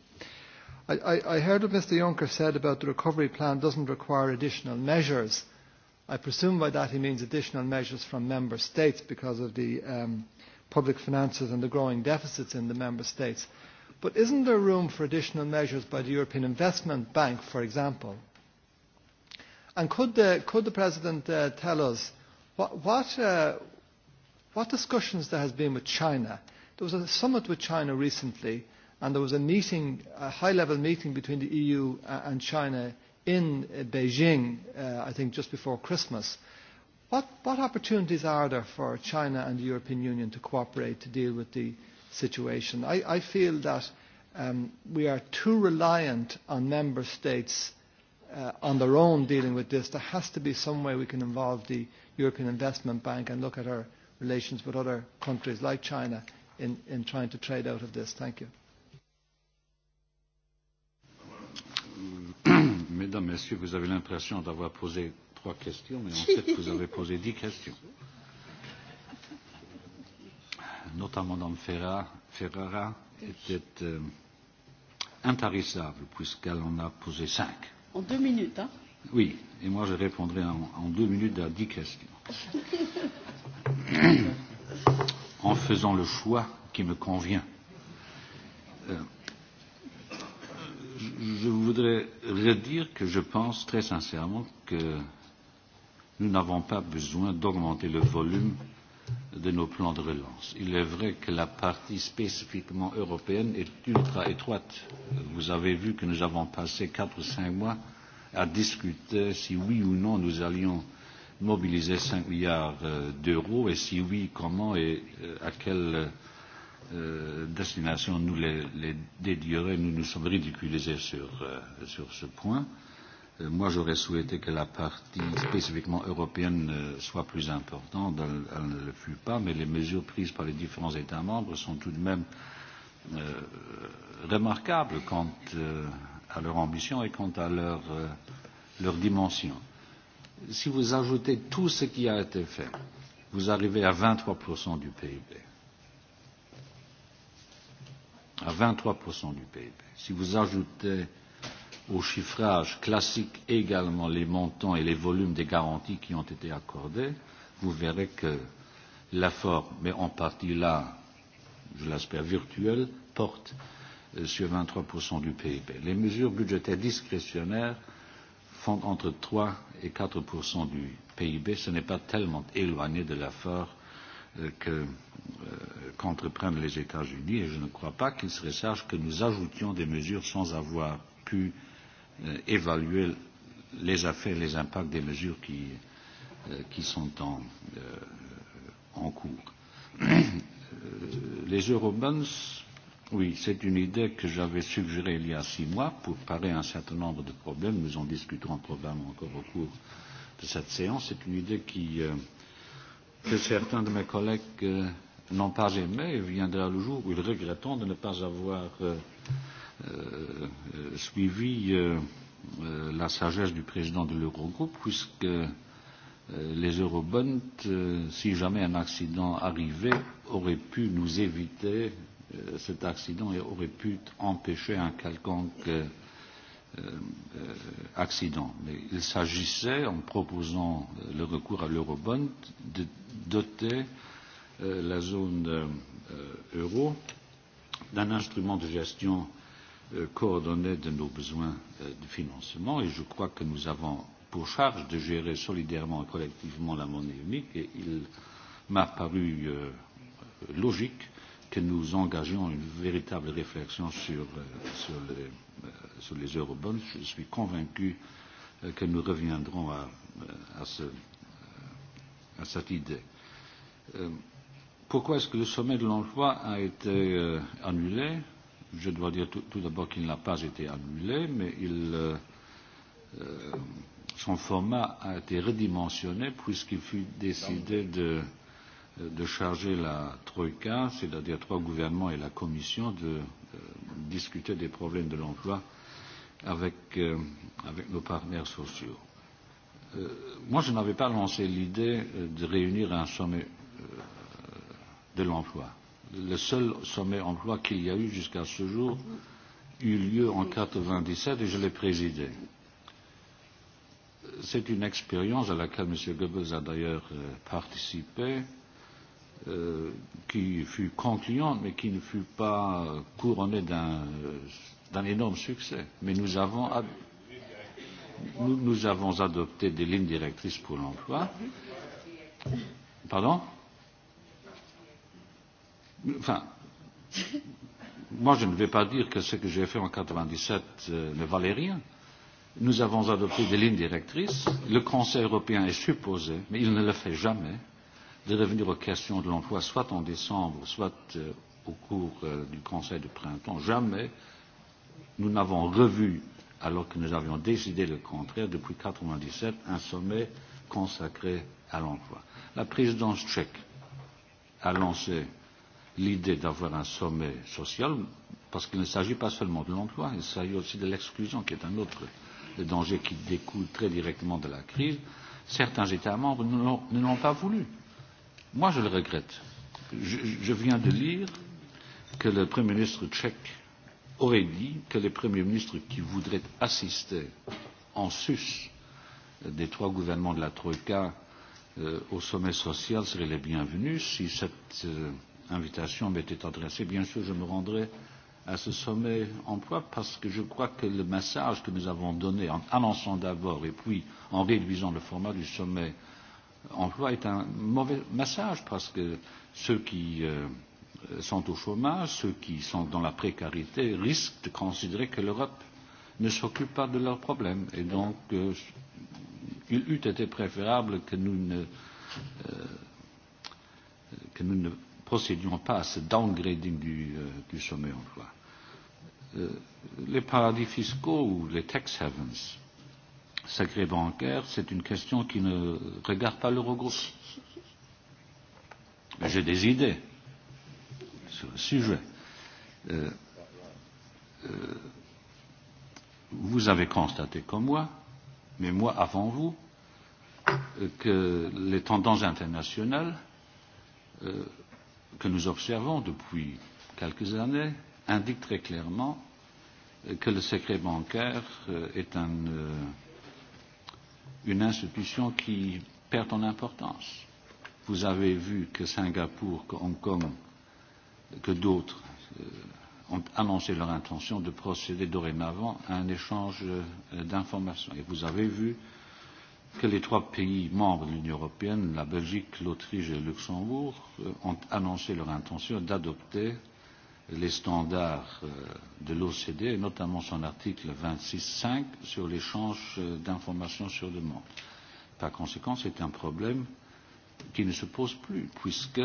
I, I, I heard what Mr Juncker said about the recovery plan doesn't require additional measures. I presume by that he means additional measures from member states because of the um, public finances and the growing deficits in the member states. But isn't there room for additional measures by the European Investment Bank, for example? And could the, could the President uh, tell us what, what, uh, what discussions there has been with China? There was a summit with China recently, and there was a meeting, a high-level meeting between the EU and China in Beijing, uh, I think just before Christmas. What, what opportunities are there for China and the European Union to cooperate to deal with the situation. I, I feel that um, we are too reliant on member states uh, on their own dealing with this. There has to be some way we can involve the European Investment Bank and look at our relations with other countries like China in, in trying to trade out of this. Thank you. Mesdames, Messieurs, vous avez l'impression d'avoir posé trois questions, mais en fait, vous avez posé dix questions notamment Ferra, Ferrara, était euh, intarissable puisqu'elle en a posé cinq. En deux minutes, hein Oui, et moi je répondrai en, en deux minutes à dix questions. en faisant le choix qui me convient. Euh, je voudrais redire que je pense très sincèrement que nous n'avons pas besoin d'augmenter le volume de nos plans de relance. Il est vrai que la partie spécifiquement européenne est ultra étroite. Vous avez vu que nous avons passé quatre ou cinq mois à discuter si oui ou non nous allions mobiliser cinq milliards d'euros et si oui, comment et à quelle destination nous les, dédierons. Nous nous sommes ridiculisés sur, ce point Moi, j'aurais souhaité que la partie spécifiquement européenne soit plus importante. Elle ne le fut pas, mais les mesures prises par les différents États membres sont tout de même euh, remarquables quant euh, à leur ambition et quant à leur, euh, leur dimension. Si vous ajoutez tout ce qui a été fait, vous arrivez à 23% du PIB. À 23% du PIB. Si vous ajoutez euh, au chiffrage classique également les montants et les volumes des garanties qui ont été accordées, vous verrez que forme, mais en partie là, je l'espère virtuel, porte sur 23% du PIB. Les mesures budgétaires discrétionnaires font entre 3 et 4% du PIB. Ce n'est pas tellement éloigné de l'effort qu'entreprennent les États-Unis et je ne crois pas qu'il serait sage que nous ajoutions des mesures sans avoir pu euh, évaluer les effets, les impacts des mesures qui, qui sont en, en cours. Les eurobonds, oui, c'est une idée que j'avais suggérée il y a six mois pour parer un certain nombre de problèmes. Nous en discuterons probablement encore au cours de cette séance. C'est une idée qui, euh, que certains de mes collègues euh, n'ont pas aimée et viendra le jour où ils regretteront de ne pas avoir euh, suivi la sagesse du président de l'Eurogroupe, puisque les eurobonds, si jamais un accident arrivait, auraient pu nous éviter cet accident et auraient pu empêcher un quelconque accident. Mais il s'agissait, en proposant le recours à l'eurobond, de doter la zone euro d'un instrument de gestion euh, coordonnée de nos besoins de financement et je crois que nous avons pour charge de gérer solidairement et collectivement la monnaie unique et il m'a paru logique que nous engagions une véritable réflexion sur, sur, les, sur les eurobonds. Je suis convaincu que nous reviendrons à, à, ce, à cette idée. Pourquoi est-ce que le sommet de l'emploi a été annulé je dois dire tout, tout d'abord qu'il n'a pas été annulé, mais il, euh, son format a été redimensionné puisqu'il fut décidé de, de charger la Troïka, c'est-à-dire trois gouvernements et la Commission, de euh, discuter des problèmes de l'emploi avec, euh, avec nos partenaires sociaux. Euh, moi, je n'avais pas lancé l'idée de réunir un sommet euh, de l'emploi le seul sommet emploi qu'il y a eu jusqu'à ce jour eut lieu en 1997 et je l'ai présidé. C'est une expérience à laquelle M. Goebbels a d'ailleurs participé, qui fut concluante mais qui ne fut pas couronnée d'un énorme succès. Mais nous avons, nous, nous avons adopté des lignes directrices pour l'emploi. Pardon Enfin, moi je ne vais pas dire que ce que j'ai fait en 97 euh, ne valait rien. Nous avons adopté des lignes directrices. Le Conseil européen est supposé, mais il ne le fait jamais, de revenir aux questions de l'emploi, soit en décembre, soit euh, au cours euh, du Conseil de printemps. Jamais nous n'avons revu, alors que nous avions décidé le contraire depuis 1997, un sommet consacré à l'emploi. La présidence tchèque a lancé euh, l'idée d'avoir un sommet social, parce qu'il ne s'agit pas seulement de l'emploi, il s'agit aussi de l'exclusion, qui est un autre danger qui découle très directement de la crise. Certains États membres ne l'ont pas voulu. Moi, je le regrette. Je, je viens de lire que le Premier ministre tchèque aurait dit que les premiers ministres qui voudraient assister en sus des trois gouvernements de la Troïka euh, au sommet social seraient les bienvenus si cette euh, invitation m'était adressée. Bien sûr, je me rendrai à ce sommet emploi parce que je crois que le message que nous avons donné en annonçant d'abord et puis en réduisant le format du sommet emploi est un mauvais message parce que ceux qui euh, sont au chômage, ceux qui sont dans la précarité risquent de considérer que l'Europe ne s'occupe pas de leurs problèmes. Et donc, euh, il eût été préférable que nous ne, euh, que nous ne procédions pas à ce downgrading du, euh, du sommet emploi. Euh, les paradis fiscaux ou les tax havens, sacré bancaire, c'est une question qui ne regarde pas l'Eurogroupe. Mais j'ai des idées sur le sujet. Euh, euh, vous avez constaté comme moi, mais moi avant vous, que les tendances internationales que nous observons depuis quelques années indique très clairement que le secret bancaire est un, une institution qui perd en importance. Vous avez vu que Singapour, que Hong Kong, que d'autres ont annoncé leur intention de procéder dorénavant à un échange d'informations. Et vous avez vu euh, que les trois pays membres de l'Union européenne, la Belgique, l'Autriche et le Luxembourg, ont annoncé leur intention d'adopter les standards de l'OCDE, notamment son article vingt six cinq sur l'échange d'informations sur demande. Par conséquent, c'est un problème qui ne se pose plus, puisque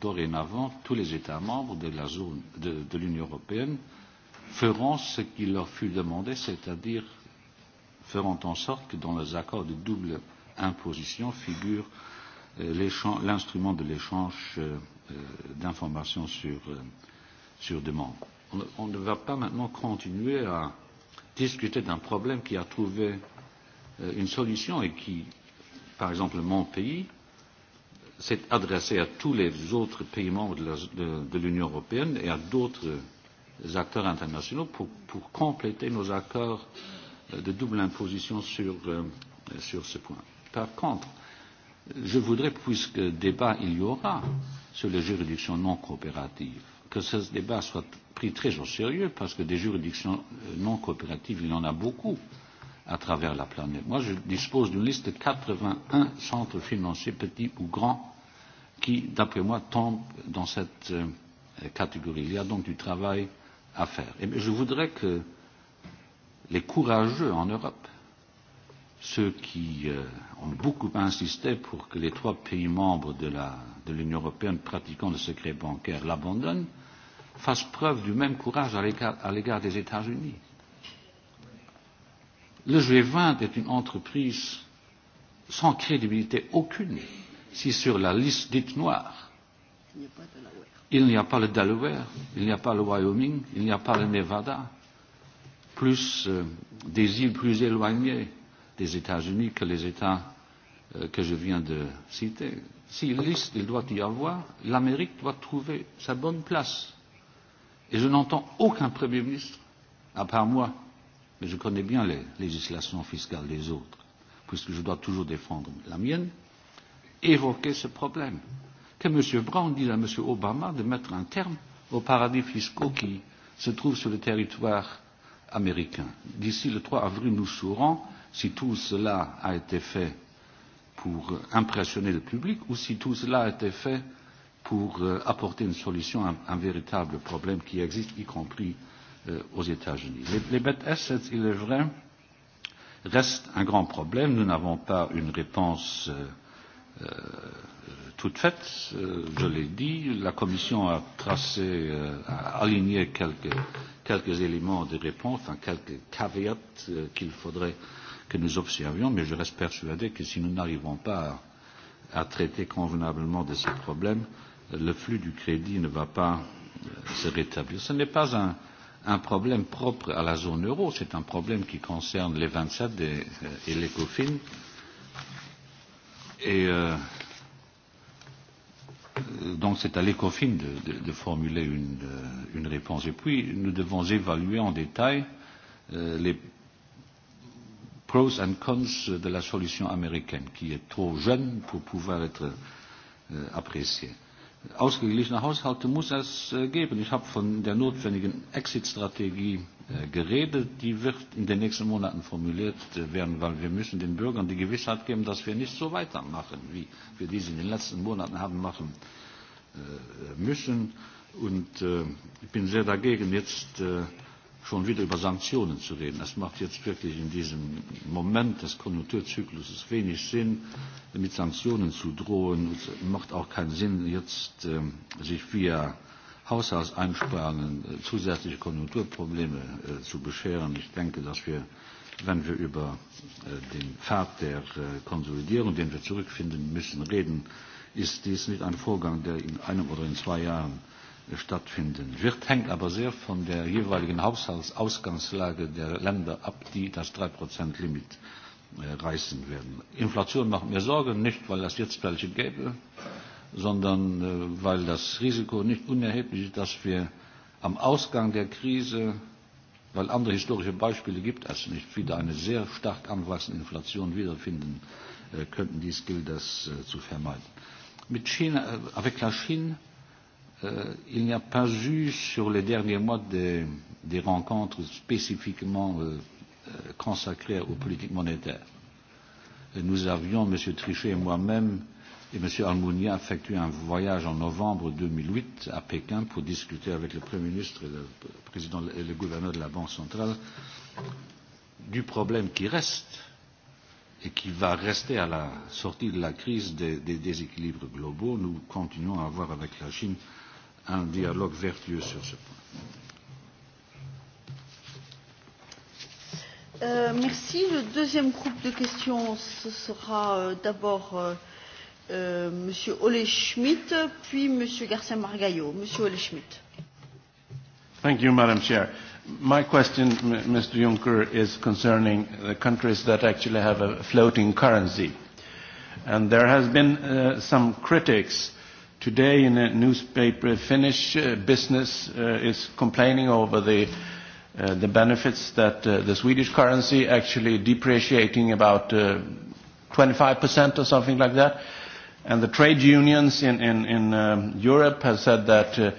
dorénavant, tous les États membres de, la zone, de, de l'Union européenne feront ce qui leur fut demandé, c'est-à-dire feront en sorte que dans les accords de double imposition figure l'instrument de l'échange d'informations sur, sur demande. On, ne va pas maintenant continuer à discuter d'un problème qui a trouvé une solution et qui, par exemple, mon pays, s'est adressé à tous les autres pays membres de l'Union européenne et à d'autres acteurs internationaux pour, pour compléter nos accords euh, de double imposition sur, sur ce point. Par contre, je voudrais, puisque débat il y aura sur les juridictions non coopératives, que ce débat soit pris très au sérieux, parce que des juridictions non coopératives, il y en a beaucoup à travers la planète. Moi, je dispose d'une liste de 81 centres financiers, petits ou grands, qui, d'après moi, tombent dans cette catégorie. Il y a donc du travail à faire. Et je voudrais que euh, les courageux en Europe, ceux qui euh, ont beaucoup insisté pour que les trois pays membres de, de l'Union européenne pratiquant le secret bancaire l'abandonnent, fassent preuve du même courage à l'égard des États-Unis. Le G20 est une entreprise sans crédibilité aucune si sur la liste dite noire, il n'y a pas le Delaware, il n'y a pas le Wyoming, il n'y a pas le Nevada, plus des îles plus éloignées des États-Unis que les États que je viens de citer. S'il liste, il doit y avoir, l'Amérique doit trouver sa bonne place. Et je n'entends aucun Premier ministre, à part moi, mais je connais bien les législations fiscales des autres, puisque je dois toujours défendre la mienne, évoquer ce problème. Que M. Brown dise à M. Obama de mettre un terme aux paradis fiscaux qui se trouvent sur le territoire américain. D'ici le 3 avril, nous saurons si tout cela a été fait pour impressionner le public ou si tout cela a été fait pour euh, apporter une solution à un véritable problème qui existe, y compris euh, aux États-Unis. Les, les bêtes assets, il est vrai, restent un grand problème. Nous n'avons pas une réponse euh, euh, toute faite. Euh, je l'ai dit, la Commission a tracé, euh, a aligné quelques, quelques éléments de réponse, enfin quelques caveats euh, qu'il faudrait que nous observions, mais je reste persuadé que si nous n'arrivons pas à, à traiter convenablement de ces problèmes, le flux du crédit ne va pas se rétablir. Ce n'est pas un, un problème propre à la zone euro, c'est un problème qui concerne les 27 et, et l'ECOFIN. Et euh, donc c'est à l'ECOFIN de, de, de formuler une, une réponse. Et puis, nous devons évaluer en détail euh, les pros and cons de la solution américaine, qui est trop jeune pour pouvoir être euh, appréciée. Ausgeglichene Haushalte muss es geben. Ich habe von der notwendigen Exit-Strategie geredet. Die wird in den nächsten Monaten formuliert werden, weil wir müssen den Bürgern die Gewissheit geben, dass wir nicht so weitermachen, wie wir dies in den letzten Monaten haben machen müssen. Und ich bin sehr dagegen, jetzt schon wieder über Sanktionen zu reden. Es macht jetzt wirklich in diesem Moment des Konjunkturzykluses wenig Sinn, mit Sanktionen zu drohen. Es macht auch keinen Sinn, jetzt sich via Haushaltseinsparungen zusätzliche Konjunkturprobleme zu bescheren. Ich denke, dass wir, wenn wir über den Pfad der Konsolidierung, den wir zurückfinden müssen, reden, ist dies nicht ein Vorgang, der in einem oder in zwei Jahren stattfinden wird, hängt aber sehr von der jeweiligen Haushaltsausgangslage der Länder ab, die das 3%-Limit reißen werden. Inflation macht mir Sorgen, nicht weil es jetzt welche gäbe, sondern weil das Risiko nicht unerheblich ist, dass wir am Ausgang der Krise, weil andere historische Beispiele gibt es nicht, wieder eine sehr stark anwachsende Inflation wiederfinden könnten. Dies gilt das zu vermeiden. Mit China, avec la Chine, il n'y a pas eu sur les derniers mois des, des rencontres spécifiquement consacrées aux politiques monétaires. Nous avions, M. Trichet et moi-même, et M. Almunia a effectué un voyage en novembre 2008 à Pékin pour discuter avec le Premier ministre et le président et le gouverneur de la Banque centrale du problème qui reste et qui va rester à la sortie de la crise des, des déséquilibres globaux. Nous continuons à avoir avec la Chine un dialogue vertueux sur ce point. Euh, merci. Le deuxième groupe de questions, ce sera euh, d'abord euh, euh, Monsieur Ole Schmidt, puis Monsieur Garcia Margallo. Monsieur Ole Schmidt. Thank you, Madam Chair. My question, Mr. Juncker, is concerning the countries that actually have a floating currency. And there has been uh, some critics today in a newspaper. Finnish uh, business uh, is complaining over the uh, the benefits that uh, the Swedish currency actually depreciating about uh, 25% or something like that. And the trade unions in, in, in um, Europe have said that uh,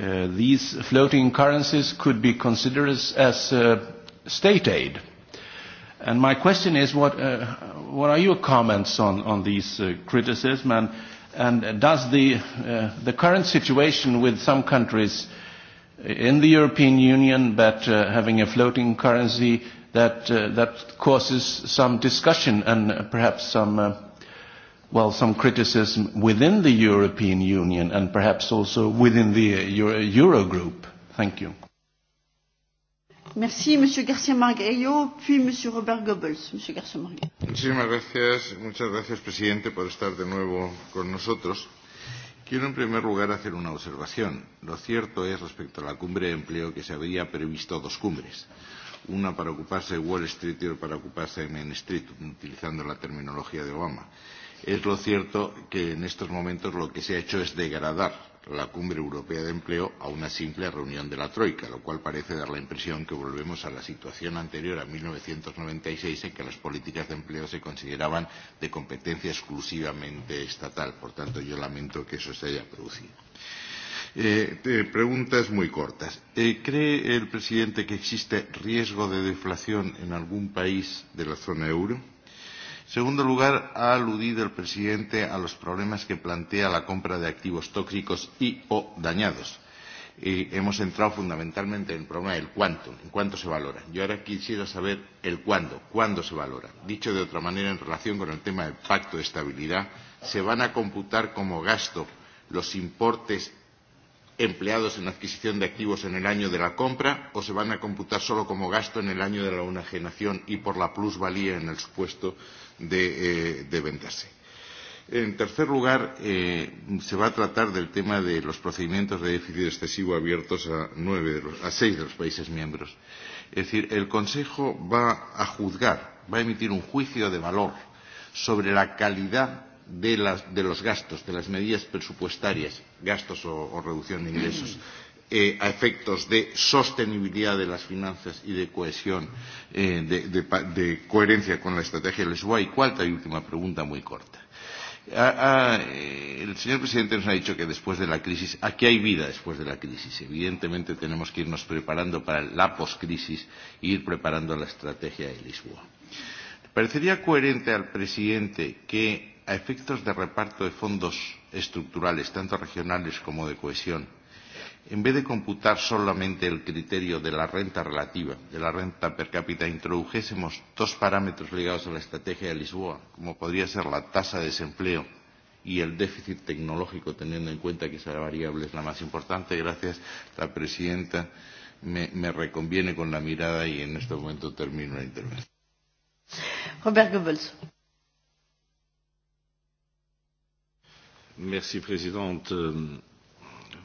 uh, these floating currencies could be considered as, as uh, state aid. And my question is, what, uh, what are your comments on, on these uh, criticism? And, and does the, uh, the current situation with some countries in the European Union but uh, having a floating currency that, uh, that causes some discussion and uh, perhaps some uh, well, some criticism within the European Union and perhaps also within the Euro Eurogroup? Thank you. Merci, Monsieur García Margallo, puis Monsieur Robert Goebbels. Monsieur García Margallo. Muchísimas gracias, muchas gracias, presidente, por estar de nuevo con nosotros. Quiero, en primer lugar, hacer una observación. Lo cierto es, respecto a la cumbre de empleo, que se había previsto dos cumbres. Una para ocuparse de Wall Street y otra para ocuparse de Main Street, utilizando la terminología de Obama. Es lo cierto que en estos momentos lo que se ha hecho es degradar la cumbre europea de empleo a una simple reunión de la Troika, lo cual parece dar la impresión que volvemos a la situación anterior a 1996 en que las políticas de empleo se consideraban de competencia exclusivamente estatal. Por tanto, yo lamento que eso se haya producido. Eh, eh, preguntas muy cortas. Eh, ¿Cree el presidente que existe riesgo de deflación en algún país de la zona euro? En segundo lugar, ha aludido el presidente a los problemas que plantea la compra de activos tóxicos y o dañados. Y hemos entrado fundamentalmente en el problema del cuánto, en cuánto se valora. Yo ahora quisiera saber el cuándo, cuándo se valora. Dicho de otra manera, en relación con el tema del pacto de estabilidad, ¿se van a computar como gasto los importes empleados en la adquisición de activos en el año de la compra o se van a computar solo como gasto en el año de la enajenación y por la plusvalía en el supuesto de, eh, de venderse. En tercer lugar, eh, se va a tratar del tema de los procedimientos de déficit excesivo abiertos a, nueve de los, a seis de los países miembros. Es decir, el Consejo va a juzgar, va a emitir un juicio de valor sobre la calidad de, las, de los gastos, de las medidas presupuestarias, gastos o, o reducción de ingresos, eh, a efectos de sostenibilidad de las finanzas y de cohesión, eh, de, de, de coherencia con la estrategia de Lisboa. Y cuarta y última pregunta muy corta. A, a, el señor presidente nos ha dicho que después de la crisis, aquí hay vida después de la crisis. Evidentemente tenemos que irnos preparando para la poscrisis e ir preparando la estrategia de Lisboa. ¿Parecería coherente al presidente que a efectos de reparto de fondos estructurales, tanto regionales como de cohesión, en vez de computar solamente el criterio de la renta relativa, de la renta per cápita, introdujésemos dos parámetros ligados a la estrategia de Lisboa, como podría ser la tasa de desempleo y el déficit tecnológico, teniendo en cuenta que esa variable es la más importante. Gracias, la presidenta. Me, me reconviene con la mirada y en este momento termino la intervención. Robert Goebbels. Monsieur la Présidente.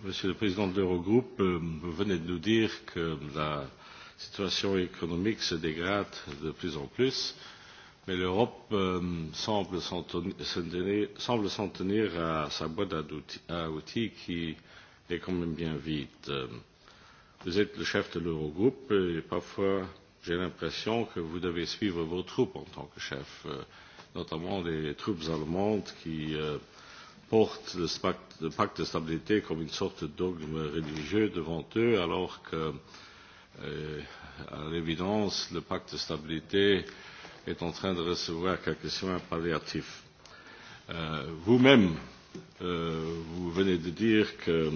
Monsieur le Président de l'Eurogroupe, vous venez de nous dire que la situation économique se dégrade de plus en plus, mais l'Europe semble s'en tenir à sa boîte à outils qui est quand même bien vide. Vous êtes le chef de l'Eurogroupe et parfois j'ai l'impression que vous devez suivre vos troupes en tant que chef, notamment les troupes allemandes qui porte le pacte, le pacte de stabilité comme une sorte de dogme religieux devant eux, alors que, euh, à l'évidence, le pacte de stabilité est en train de recevoir quelques soins palliatifs. Euh, Vous-même, euh, vous venez de dire que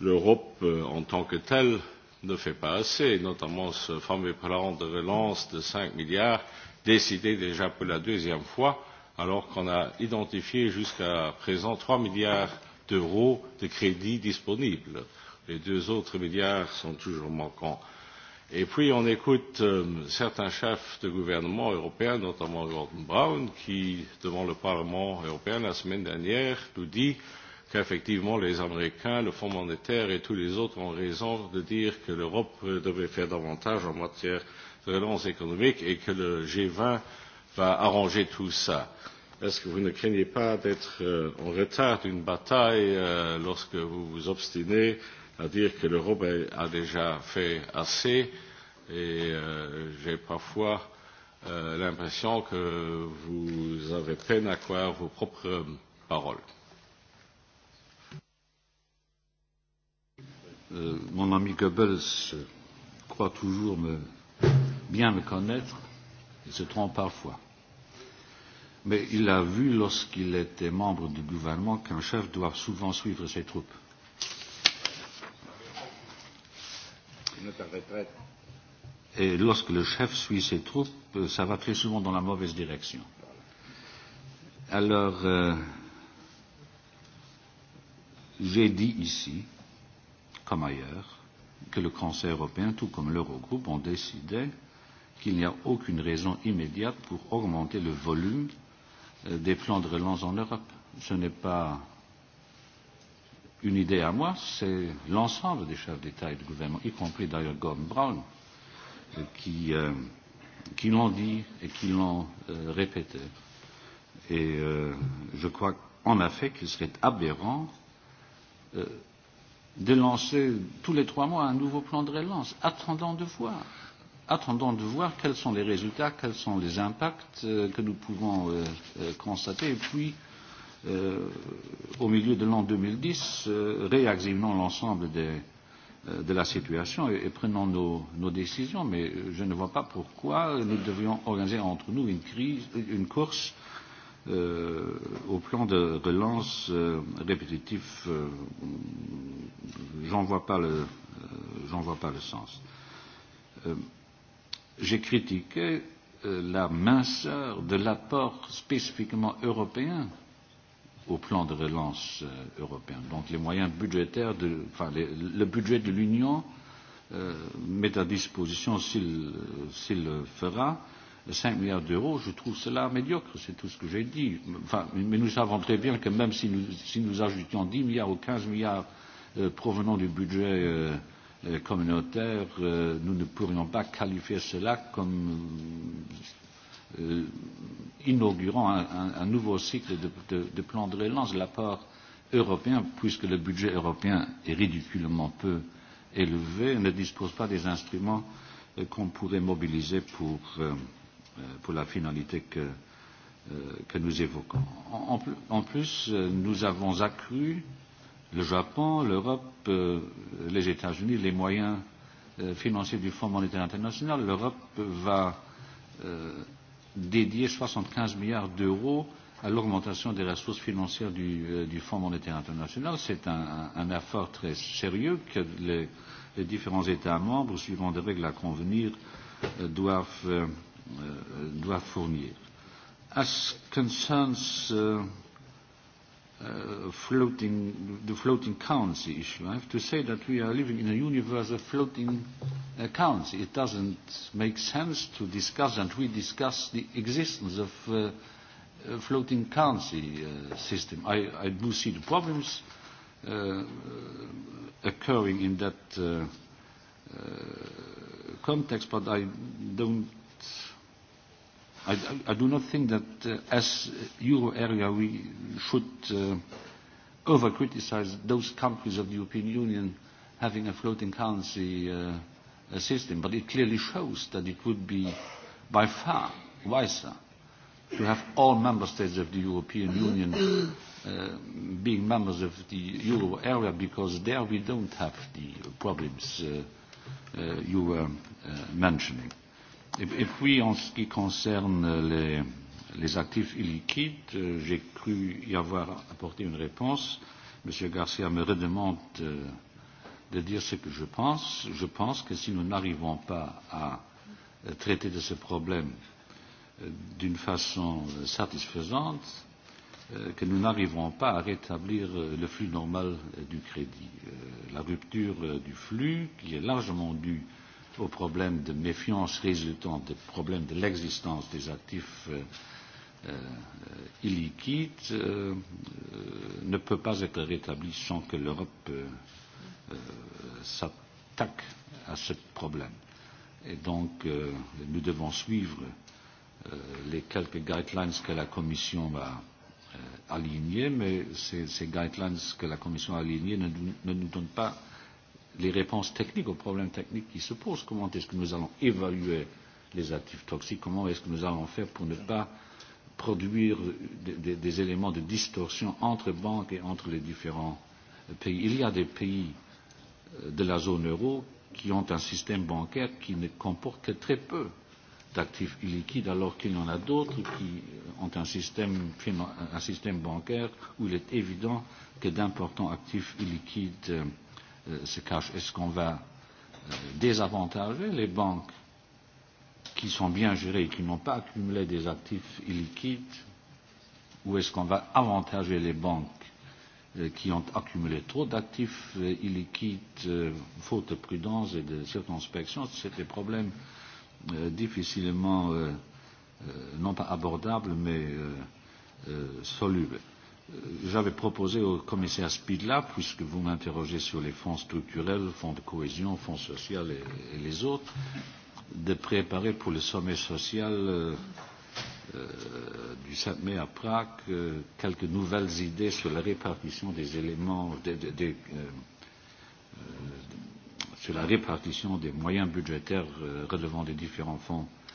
l'Europe euh, en tant que telle ne fait pas assez, notamment ce fameux plan de relance de 5 milliards décidé déjà pour la deuxième fois alors qu'on a identifié jusqu'à présent trois milliards d'euros de crédits disponibles. Les deux autres milliards sont toujours manquants. Et puis on écoute certains chefs de gouvernement européens, notamment Gordon Brown, qui, devant le Parlement européen la semaine dernière, nous dit qu'effectivement les Américains, le Fonds monétaire et tous les autres ont raison de dire que l'Europe devrait faire davantage en matière de relance économique et que le g vingt va arranger tout cela. Est-ce que vous ne craignez pas d'être en retard d'une bataille lorsque vous vous obstinez à dire que l'Europe a déjà fait assez et j'ai parfois l'impression que vous avez peine à croire vos propres paroles. Mon ami Goebbels croit toujours me, bien me connaître et se trompe parfois mais il a vu lorsqu'il était membre du gouvernement qu'un chef doit souvent suivre ses troupes. Et lorsque le chef suit ses troupes, ça va très souvent dans la mauvaise direction. Alors, euh, j'ai dit ici, comme ailleurs, que le Conseil européen, tout comme l'Eurogroupe, ont décidé qu'il n'y a aucune raison immédiate pour augmenter le volume des plans de relance en Europe. Ce n'est pas une idée à moi, c'est l'ensemble des chefs d'État et de gouvernement, y compris d'ailleurs Gordon Brown, qui, euh, qui l'ont dit et qui l'ont euh, répété. Et euh, je crois en effet qu'il serait aberrant euh, de lancer tous les trois mois un nouveau plan de relance. attendant de voir attendons de voir quels sont les résultats, quels sont les impacts euh, que nous pouvons euh, constater. Et puis, euh, au milieu de l'an 2010, euh, réexaminons l'ensemble des, de la situation et, et prenons nos, nos décisions. Mais je ne vois pas pourquoi nous devions organiser entre nous une, crise, une course euh, au plan de relance euh, répétitif. Euh, J'en vois, pas le, euh, vois pas le sens. Euh, j'ai critiqué la minceur de l'apport spécifiquement européen au plan de relance européen. Donc les moyens budgétaires, de, enfin les, le budget de l'Union euh, met à disposition, s'il le fera, 5 milliards d'euros. Je trouve cela médiocre, c'est tout ce que j'ai dit. Enfin, mais nous savons très bien que même si nous, si nous ajoutions 10 milliards ou 15 milliards euh, provenant du budget euh, communautaire, nous ne pourrions pas qualifier cela comme inaugurant un, un, un nouveau cycle de, de, de plan de relance de la part européen, puisque le budget européen est ridiculement peu élevé, ne dispose pas des instruments qu'on pourrait mobiliser pour, pour la finalité que, que nous évoquons. En, en plus, nous avons accru euh, le Japon, l'Europe, euh, les États-Unis, les moyens euh, financiers du Fonds monétaire international, l'Europe va euh, dédier 75 milliards d'euros à l'augmentation des ressources financières du, euh, du Fonds monétaire international. C'est un, un effort très sérieux que les, les différents États membres, suivant des règles à convenir, euh, doivent, euh, doivent fournir. As concerns uh, uh, floating, the floating currency issue. I have to say that we are living in a universe of floating uh, currency. It doesn't make sense to discuss and we discuss the existence of uh, floating currency uh, system. I, I do see the problems uh, occurring in that uh, uh, context, but I don't I, I do not think that uh, as euro area we should uh, over criticize those countries of the European Union having a floating currency uh, system, but it clearly shows that it would be by far wiser to have all member states of the European Union uh, being members of the euro area because there we don't have the problems uh, uh, you were uh, mentioning. Et, puis, en ce qui concerne les, les actifs illiquides, j'ai cru y avoir apporté une réponse. Monsieur Garcia me redemande de dire ce que je pense. Je pense que si nous n'arrivons pas à traiter de ce problème d'une façon satisfaisante, que nous n'arriverons pas à rétablir le flux normal du crédit. La rupture du flux, qui est largement due aux problèmes de méfiance résultant des problèmes de l'existence des actifs illiquides euh, ne peut pas être rétabli sans que l'Europe euh, s'attaque à ce problème. Et donc, euh, nous devons suivre euh, les quelques guidelines que la Commission va euh, aligner, mais ces, ces guidelines que la Commission a alignées ne, ne nous donnent pas euh, les réponses techniques aux problèmes techniques qui se posent. Comment est-ce que nous allons évaluer les actifs toxiques Comment est-ce que nous allons faire pour ne pas produire des, des éléments de distorsion entre banques et entre les différents pays Il y a des pays de la zone euro qui ont un système bancaire qui ne comporte que très peu d'actifs illiquides, alors qu'il y en a d'autres qui ont un système, un système bancaire où il est évident que d'importants actifs illiquides se cache. Est-ce qu'on va désavantager les banques qui sont bien gérées et qui n'ont pas accumulé des actifs illiquides ou est-ce qu'on va avantager les banques qui ont accumulé trop d'actifs illiquides, faute de prudence et de circonspection, c'est des problèmes difficilement, non pas abordables, mais solubles j'avais proposé au commissaire Spidla, puisque vous m'interrogez sur les fonds structurels, fonds de cohésion, fonds social et, et les autres, de préparer pour le sommet social euh, euh, du 7 mai à Prague euh, quelques nouvelles idées sur la répartition des éléments, de, de, de, euh, euh, sur la répartition des moyens budgétaires euh, relevant des différents fonds euh,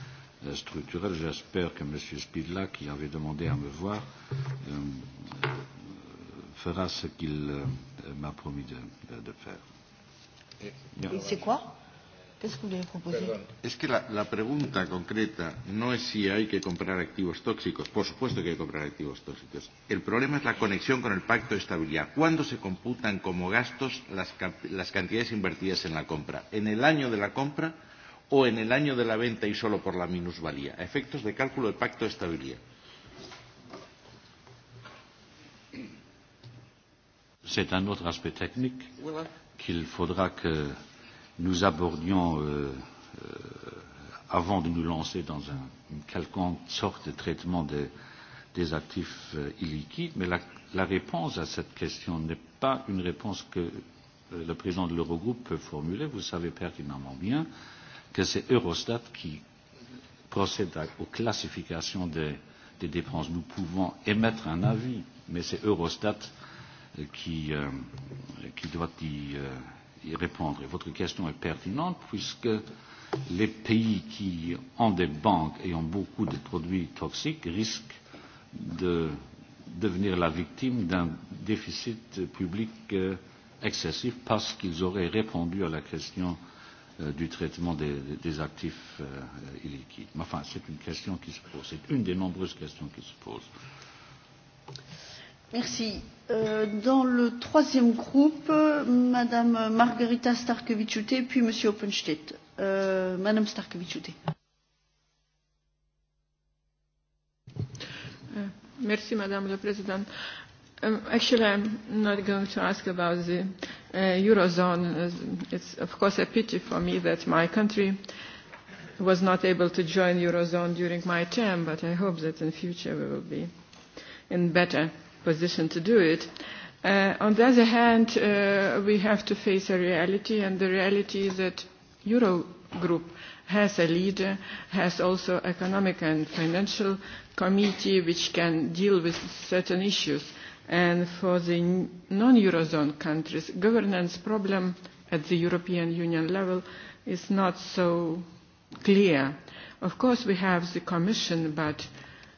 structurelle. J'espère que M. Spidla, qui avait demandé à me voir, fera ce qu'il m'a promis de, faire. Et c'est quoi ¿Qué ce que la, la pregunta concreta no es si hay que comprar activos tóxicos. Por supuesto que hay que comprar activos tóxicos. El problema es la conexión con el Pacto de Estabilidad. ¿Cuándo se computan como gastos las, las cantidades invertidas en la compra? ¿En el año de la compra? o en el año de la venta y solo por la minusvalía, a efectos de cálculo del pacto de estabilidad. C'est un autre aspect technique voilà. qu'il faudra que nous abordions euh, euh, avant de nous lancer dans un, une quelconque sorte de traitement des, des actifs euh, illiquides. Mais la, la réponse à cette question n'est pas une réponse que euh, le président de l'Eurogroupe peut formuler, vous savez pertinemment bien. Euh, que c'est Eurostat qui procède à, aux classifications des, des dépenses. Nous pouvons émettre un avis, mais c'est Eurostat qui, euh, qui doit y, euh, y répondre. Et votre question est pertinente puisque les pays qui ont des banques et ont beaucoup de produits toxiques risquent de devenir la victime d'un déficit public excessif parce qu'ils auraient répondu à la question euh, du traitement des, des actifs euh, illiquides. Mais enfin, c'est une question qui se pose. C'est une des nombreuses questions qui se posent. Merci. Euh, dans le troisième groupe, Madame Margarita Starkevichute, puis Monsieur Oppenstedt. Euh, Madame Starkevichute. Merci, Madame la Présidente. Um, actually, I'm not going to ask about the uh, Eurozone. It's, of course, a pity for me that my country was not able to join Eurozone during my term, but I hope that in future we will be in better position to do it. Uh, on the other hand, uh, we have to face a reality, and the reality is that Eurogroup has a leader, has also economic and financial committee which can deal with certain issues and for the non-Eurozone countries, governance problem at the European Union level is not so clear. Of course, we have the Commission, but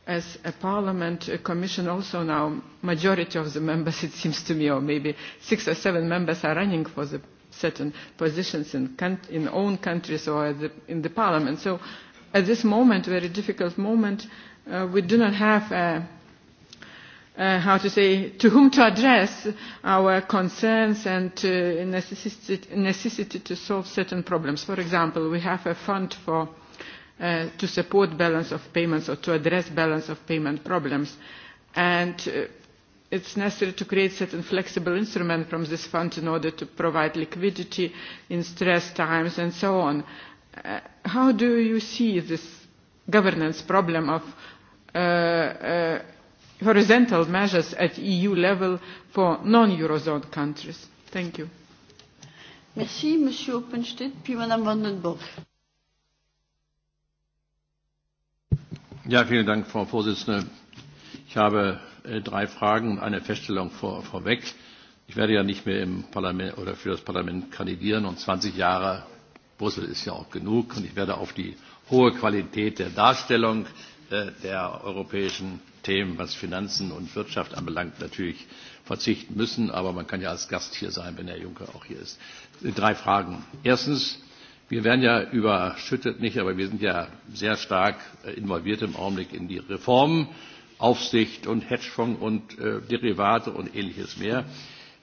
as a parliament, a commission also now, majority of the members, it seems to me, or maybe six or seven members are running for the certain positions in, in own countries or the, in the parliament. So at this moment, very difficult moment, uh, we do not have a uh, how to say, to whom to address our concerns and to necessity, necessity to solve certain problems. For example, we have a fund for, uh, to support balance of payments or to address balance of payment problems. And uh, it's necessary to create certain flexible instruments from this fund in order to provide liquidity in stress times and so on. Uh, how do you see this governance problem of uh, uh, horizontal measures at EU level for non-Eurozone countries. Thank you. Merci, Monsieur Oppenstedt, puis Madame Vandenborg. Ja, vielen Dank, Frau Vorsitzende. Ich habe äh, drei Fragen und eine Feststellung vor, vorweg. Ich werde ja nicht mehr im Parlament oder für das Parlament kandidieren und 20 Jahre Brüssel ist ja auch genug und ich werde auf die hohe Qualität der Darstellung äh, der europäischen Themen, was Finanzen und Wirtschaft anbelangt, natürlich verzichten müssen. Aber man kann ja als Gast hier sein, wenn Herr Juncker auch hier ist. Drei Fragen. Erstens, wir werden ja überschüttet, nicht, aber wir sind ja sehr stark involviert im Augenblick in die Reformen, Aufsicht und Hedgefonds und Derivate und ähnliches mehr.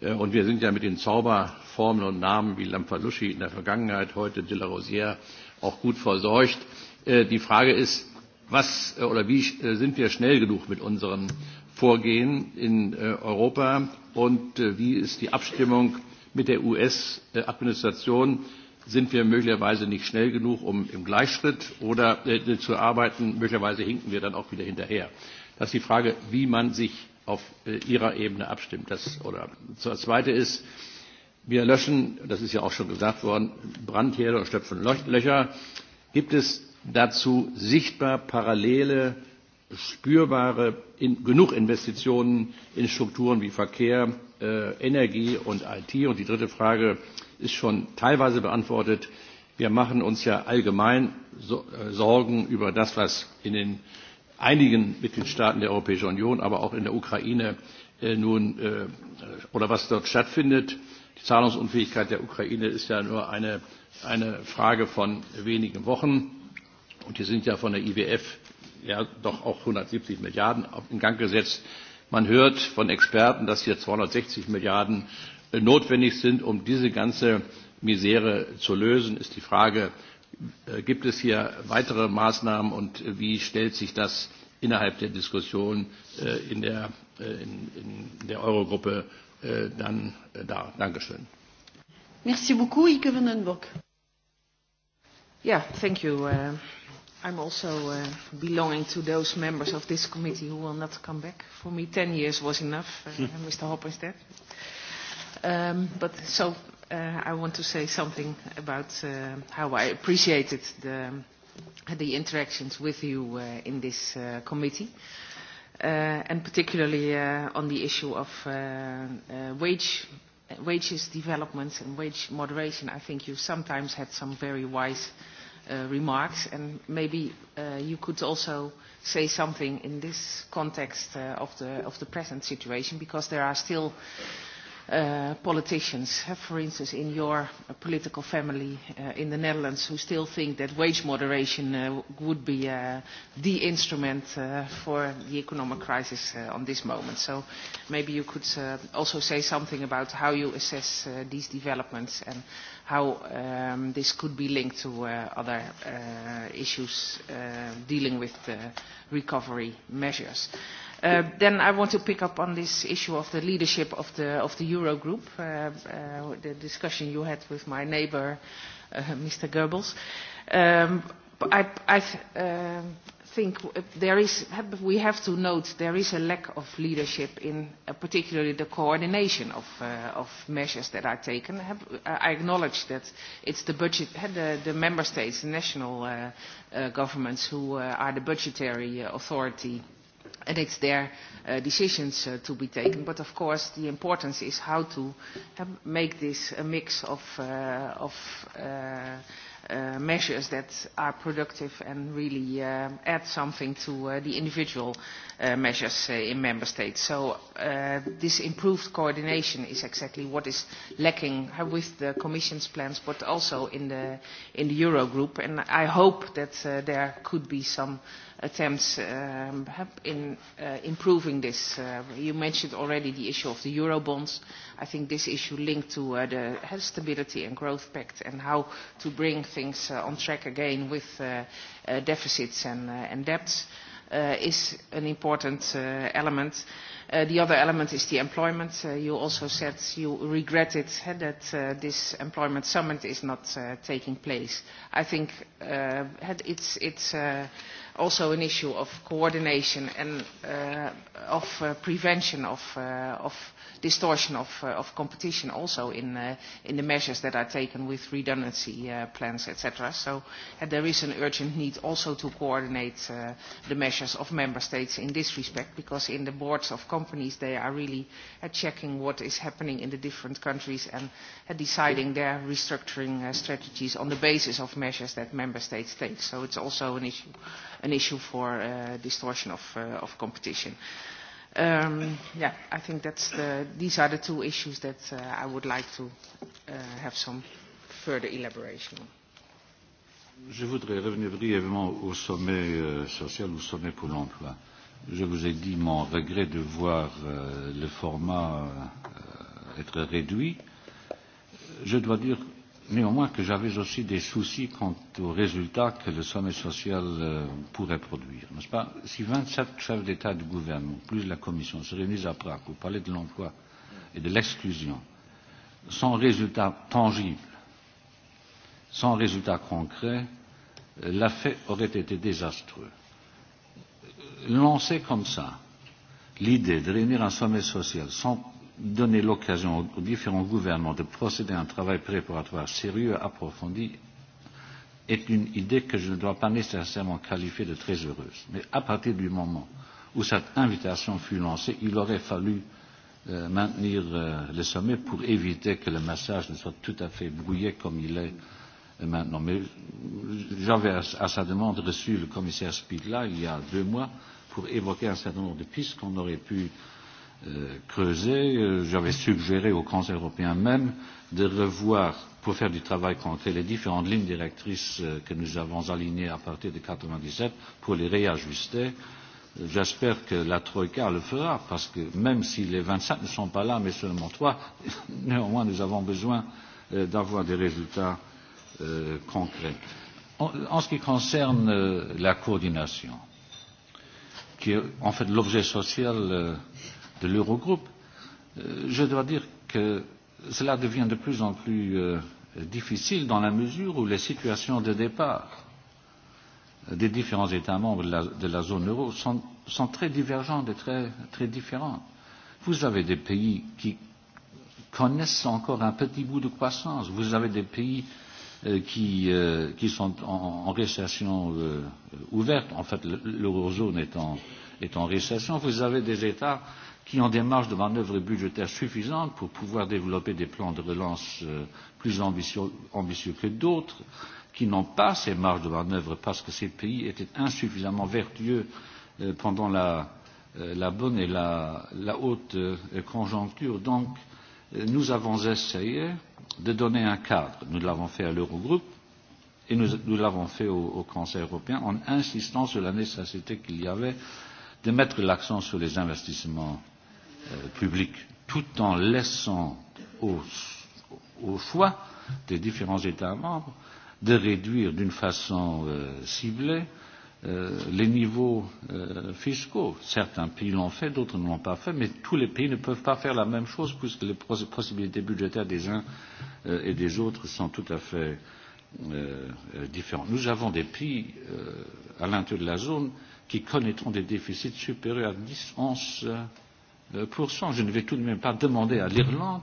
Und wir sind ja mit den Zauberformeln und Namen wie Lamfalussy in der Vergangenheit, heute de la Rosière, auch gut verseucht. Die Frage ist, was oder wie sind wir schnell genug mit unserem Vorgehen in Europa und wie ist die Abstimmung mit der US-Administration? Sind wir möglicherweise nicht schnell genug, um im Gleichschritt oder zu arbeiten? Möglicherweise hinken wir dann auch wieder hinterher. Das ist die Frage, wie man sich auf ihrer Ebene abstimmt. Das, oder. das Zweite ist, wir löschen, das ist ja auch schon gesagt worden, Brandherde und Stöpfen Löcher. Gibt es dazu sichtbar parallele, spürbare genug Investitionen in Strukturen wie Verkehr, Energie und IT. Und die dritte Frage ist schon teilweise beantwortet. Wir machen uns ja allgemein Sorgen über das, was in den einigen Mitgliedstaaten der Europäischen Union, aber auch in der Ukraine nun oder was dort stattfindet. Die Zahlungsunfähigkeit der Ukraine ist ja nur eine, eine Frage von wenigen Wochen und die sind ja von der IWF ja doch auch 170 Milliarden in Gang gesetzt. Man hört von Experten, dass hier 260 Milliarden notwendig sind, um diese ganze Misere zu lösen, ist die Frage, gibt es hier weitere Maßnahmen und wie stellt sich das innerhalb der Diskussion in der, in, der Eurogruppe dann dar? Dankeschön. Merci beaucoup, Ike Yeah, thank you. Uh... I'm also uh, belonging to those members of this committee who will not come back. For me, 10 years was enough, uh, Mr. Hopper is dead. Um, but so uh, I want to say something about uh, how I appreciated the, the interactions with you uh, in this uh, committee, uh, and particularly uh, on the issue of uh, uh, wage wages developments and wage moderation. I think you sometimes had some very wise uh, uh, remarks, and maybe uh, you could also say something in this context uh, of, the, of the present situation, because there are still uh, uh, politicians, for instance, in your political family uh, in the Netherlands, who still think that wage moderation uh, would be uh, the instrument uh, for the economic crisis uh, on this moment. So maybe you could uh, also say something about how you assess uh, these developments and how um, this could be linked to uh, other uh, issues uh, dealing with uh, recovery measures. Uh, Then I want to pick up on this issue of the leadership of the of the Eurogroup, the discussion you had with my neighbor, Mr. Goebbels. I I think there is we have to note there is a lack of leadership in particularly the coordination of of measures that are taken. I acknowledge that it's the budget, the the member states, the national uh governments who uh are the budgetary authority and it's their uh, decisions uh, to be taken. But of course, the importance is how to uh, make this a mix of, uh, of uh, measures that are productive and really uh, add something to uh, the individual uh, measures uh, in member states. So uh, this improved coordination is exactly what is lacking with the Commission's plans, but also in the, in the Eurogroup. And I hope that uh, there could be some attempts um, in uh, improving this. Uh, you mentioned already the issue of the Eurobonds. I think this issue linked to uh, the stability and growth pact and how to bring things things on track again with deficits and debts is an important element. The other element is the employment. You also said you regret it that this employment summit is not taking place. I think it's also an issue of coordination and uh, of uh, prevention of, uh, of distortion of, uh, of competition also in, uh, in the measures that are taken with redundancy uh, plans, etc. So uh, there is an urgent need also to coordinate uh, the measures of member states in this respect because in the boards of companies they are really uh, checking what is happening in the different countries and uh, deciding their restructuring uh, strategies on the basis of measures that member states take. So it's also an issue an issue for uh, distortion of, uh, of competition. Um, yeah, I think that's the, these are the two issues that uh, I would like to uh, have some further elaboration on. Je voudrais revenir brièvement au sommet euh, social, au sommet pour l'emploi. Je vous ai dit mon regret de voir euh, le format euh, être réduit. Je dois dire néanmoins que j'avais aussi des soucis quant aux résultats que le sommet social euh, pourrait produire. N'est-ce pas Si 27 chefs d'État et de gouvernement, plus la Commission, se réunissent à Prague pour parler de l'Emploi et de l'Exclusion, sans résultat tangible, sans résultat concret, l'effet aurait été désastreux. Lancer comme ça l'idée de réunir un sommet social sans donner l'occasion aux différents gouvernements de procéder à un travail préparatoire sérieux et approfondi est une idée que je ne dois pas nécessairement qualifier de très heureuse. Mais à partir du moment où cette invitation fut lancée, il aurait fallu maintenir le sommet pour éviter que le message ne soit tout à fait brouillé comme il est maintenant. Mais j'avais à sa demande reçu le commissaire Spidla il y a deux mois pour évoquer un certain nombre de pistes qu'on aurait pu euh, creusé, J'avais suggéré au Conseil européen même de revoir, pour faire du travail concret, les différentes lignes directrices que nous avons alignées à partir de 1997 pour les réajuster. J'espère que la Troïka le fera, parce que même si les 25 ne sont pas là, mais seulement trois, néanmoins nous avons besoin d'avoir des résultats concrets. En ce qui concerne la coordination, qui est en fait l'objet social de l'Eurogroupe, je dois dire que cela devient de plus en plus difficile dans la mesure où les situations de départ des différents États membres de la, de la zone euro sont, sont très divergentes et très, très différentes. Vous avez des pays qui connaissent encore un petit bout de croissance. Vous avez des pays euh, qui, euh, qui sont en, en récession euh, ouverte. En fait, l'eurozone est en, est en récession. Vous avez des États euh, qui ont des marges de manœuvre budgétaires suffisantes pour pouvoir développer des plans de relance plus ambitieux, ambitieux que d'autres, qui n'ont pas ces marges de manœuvre parce que ces pays étaient insuffisamment vertueux pendant la, la bonne et la, la haute conjoncture. Donc, nous avons essayé de donner un cadre. Nous l'avons fait à l'Eurogroupe et nous, nous l'avons fait au, au Conseil européen en insistant sur la nécessité qu'il y avait de mettre l'accent sur les investissements public, tout en laissant au, au choix des différents États membres de réduire d'une façon euh, ciblée euh, les niveaux euh, fiscaux. Certains pays l'ont fait, d'autres ne l'ont pas fait, mais tous les pays ne peuvent pas faire la même chose puisque les possibilités budgétaires des uns euh, et des autres sont tout à fait euh, différentes. Nous avons des pays euh, à l'intérieur de la zone qui connaîtront des déficits supérieurs à 10, 11 Je ne vais tout de même pas demander à l'Irlande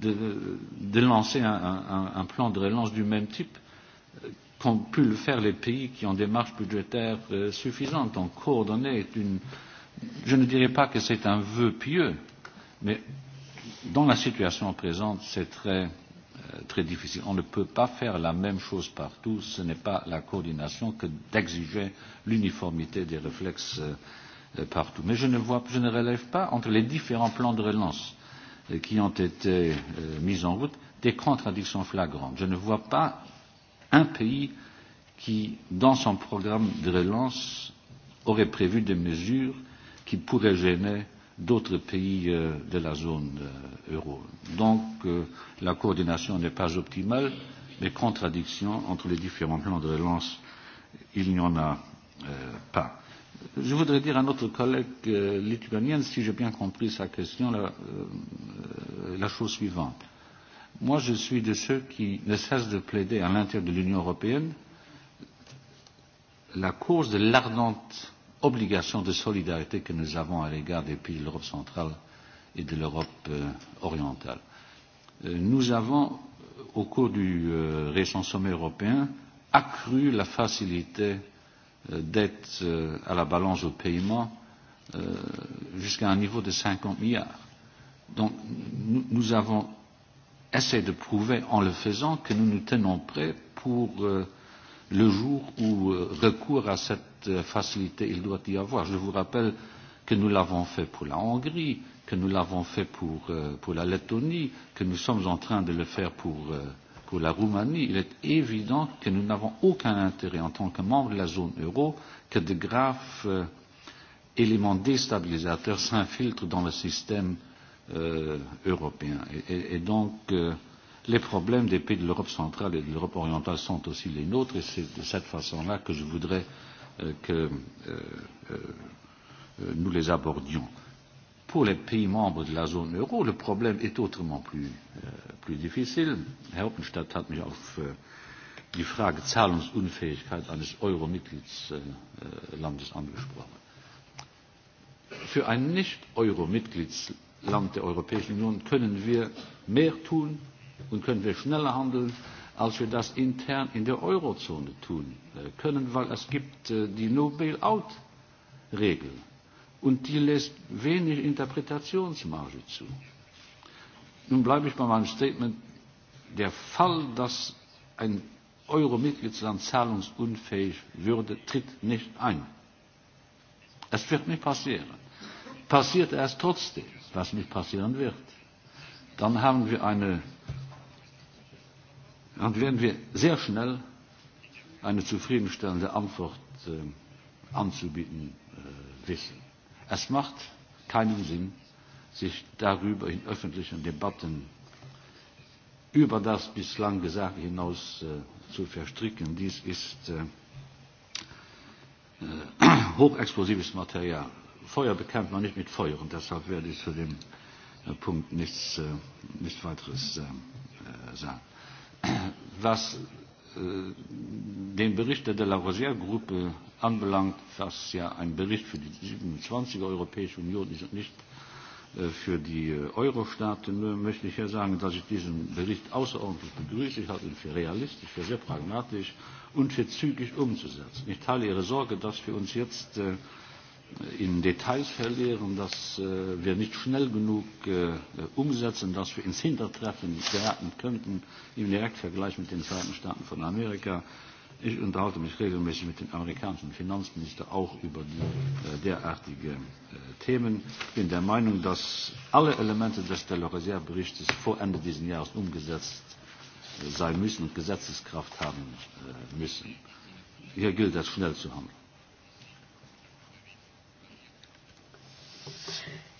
de, de lancer un, un, un plan de relance du même type qu'ont pu le faire les pays qui ont des marges budgétaires suffisantes. Donc coordonner est une... Je ne dirais pas que c'est un vœu pieux, mais dans la situation présente, c'est très, très difficile. On ne peut pas faire la même chose partout. Ce n'est pas la coordination que d'exiger l'uniformité des réflexes. Euh, partout. Mais je ne, vois, je ne relève pas entre les différents plans de relance qui ont été mis en route des contradictions flagrantes. Je ne vois pas un pays qui, dans son programme de relance, aurait prévu des mesures qui pourraient gêner d'autres pays de la zone euro. Donc la coordination n'est pas optimale, mais contradiction entre les différents plans de relance, il n'y en a pas. Je voudrais dire à notre collègue euh, lituanienne, si j'ai bien compris sa question, la, euh, la chose suivante. Moi, je suis de ceux qui ne cessent de plaider à l'intérieur de l'Union européenne la cause de l'ardente obligation de solidarité que nous avons à l'égard des pays de l'Europe centrale et de l'Europe euh, orientale. Euh, nous avons, au cours du euh, récent sommet européen, accru la facilité euh, dette à la balance au paiement jusqu'à un niveau de 50 milliards. Donc nous, avons essayé de prouver en le faisant que nous nous tenons prêts pour le jour où recours à cette facilité il doit y avoir. Je vous rappelle que nous l'avons fait pour la Hongrie, que nous l'avons fait pour, pour la Lettonie, que nous sommes en train de le faire pour, pour la Roumanie, il est évident que nous n'avons aucun intérêt en tant que membres de la zone euro que de graves éléments déstabilisateurs s'infiltrent dans le système européen. Et, donc, les problèmes des pays de l'Europe centrale et de l'Europe orientale sont aussi les nôtres, et c'est de cette façon-là que je voudrais que nous les abordions. Pour les pays membres de la zone euro, le problème est autrement plus, euh, plus difficile. Herr Hoppenstadt hat mich auf äh, die Frage Zahlungsunfähigkeit eines Euro-Mitgliedslandes angesprochen. Für ein Nicht-Euro-Mitgliedsland der Europäischen Union können wir mehr tun und können wir schneller handeln, als wir das intern in der Eurozone tun können, weil es gibt die No-Bail-Out-Regel und die lässt wenig Interpretationsmarge zu. Nun bleibe ich bei meinem Statement, der Fall, dass ein Euro-Mitgliedsland zahlungsunfähig würde, tritt nicht ein. Es wird nicht passieren. Passiert erst trotzdem, was nicht passieren wird, dann haben wir eine, dann werden wir sehr schnell eine zufriedenstellende Antwort äh, anzubieten äh, wissen. Es macht keinen Sinn, sich darüber in öffentlichen Debatten über das bislang Gesagte hinaus äh, zu verstricken. Dies ist äh, äh, hochexplosives Material. Feuer bekämpft man nicht mit Feuer und deshalb werde ich zu dem äh, Punkt nichts, äh, nichts weiteres äh, sagen. Was den Bericht der De gruppe anbelangt, was ja ein Bericht für die 27er Europäische Union ist und nicht für die Euro-Staaten, möchte ich ja sagen, dass ich diesen Bericht außerordentlich begrüße. Ich halte ihn für realistisch, für sehr pragmatisch und für zügig umzusetzen. Ich teile Ihre Sorge, dass wir uns jetzt in Details verlieren, dass äh, wir nicht schnell genug äh, umsetzen, dass wir ins Hintertreffen geraten könnten im Direktvergleich mit den Vereinigten Staaten von Amerika. Ich unterhalte mich regelmäßig mit dem amerikanischen Finanzminister auch über die, äh, derartige äh, Themen. Ich bin der Meinung, dass alle Elemente des deloresier Berichts vor Ende dieses Jahres umgesetzt sein müssen und Gesetzeskraft haben äh, müssen. Hier gilt es, schnell zu handeln.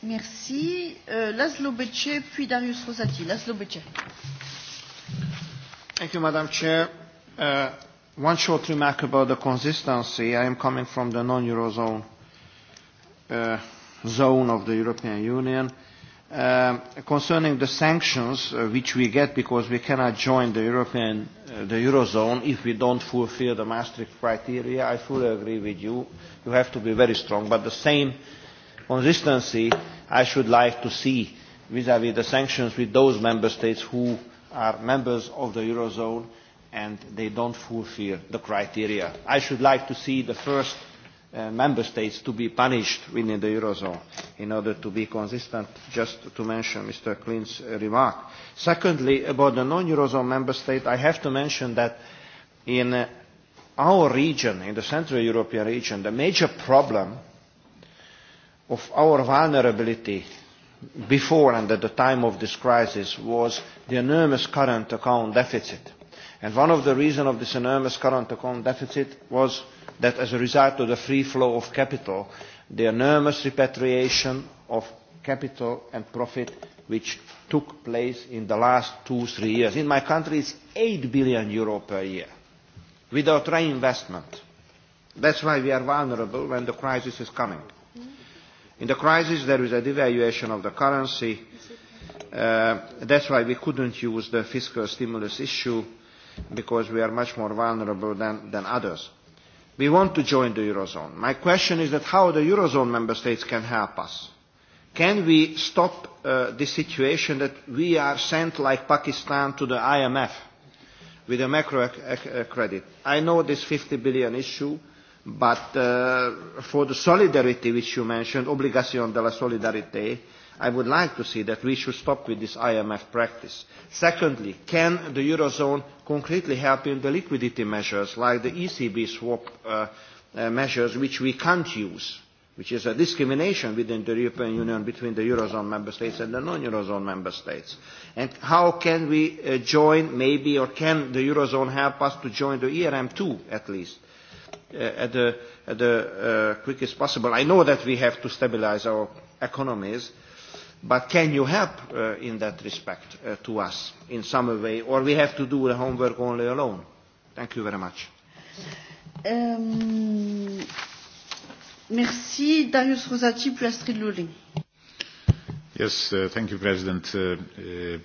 Merci. Euh, Laszlo Becce, puis Darius Rosati. Laszlo Becce. Thank you, Madam Chair. Uh, one short remark about the consistency. I am coming from the non-Eurozone uh, zone of the European Union. Um, concerning the sanctions uh, which we get because we cannot join the European, uh, the Eurozone if we don't fulfill the Maastricht criteria, I fully agree with you. You have to be very strong. But the same uh, consistency I should like to see vis-à-vis the sanctions with those member states who are members of the Eurozone and they don't fulfill the criteria. I should like to see the first uh, member states to be punished within the Eurozone in order to be consistent, just to mention Mr. Klin's uh, remark. Secondly, about the non-Eurozone member state, I have to mention that in uh, our region, in the Central European region, the major problem of our vulnerability before and at the time of this crisis was the enormous current account deficit. And one of the reasons of this enormous current account deficit was that as a result of the free flow of capital, the enormous repatriation of capital and profit which took place in the last two, three years. In my country, it's 8 billion euro per year without reinvestment. That's why we are vulnerable when the crisis is coming. In the crisis, there is a devaluation of the currency. Uh, that's why we couldn't use the fiscal stimulus issue because we are much more vulnerable than, than others. We want to join the Eurozone. My question is that how the Eurozone member states can help us. Can we stop uh, the situation that we are sent like Pakistan to the IMF with a macro credit? I know this 50 billion issue, But uh, for the solidarity which you mentioned, obligation de la solidarité, I would like to see that we should stop with this IMF practice. Secondly, can the Eurozone concretely help in the liquidity measures like the ECB swap uh, uh, measures which we can't use, which is a discrimination within the European Union between the Eurozone member states and the non-Eurozone member states? And how can we uh, join maybe or can the Eurozone help us to join the ERM2 at least? at the, at the uh, quickest possible. I know that we have to stabilize our economies, but can you help uh, in that respect uh, to us in some way, or we have to do the homework only alone? Thank you very much. Um, merci, Darius Rosati, plus Astrid Luling. Yes, uh, thank you, President. Uh, uh,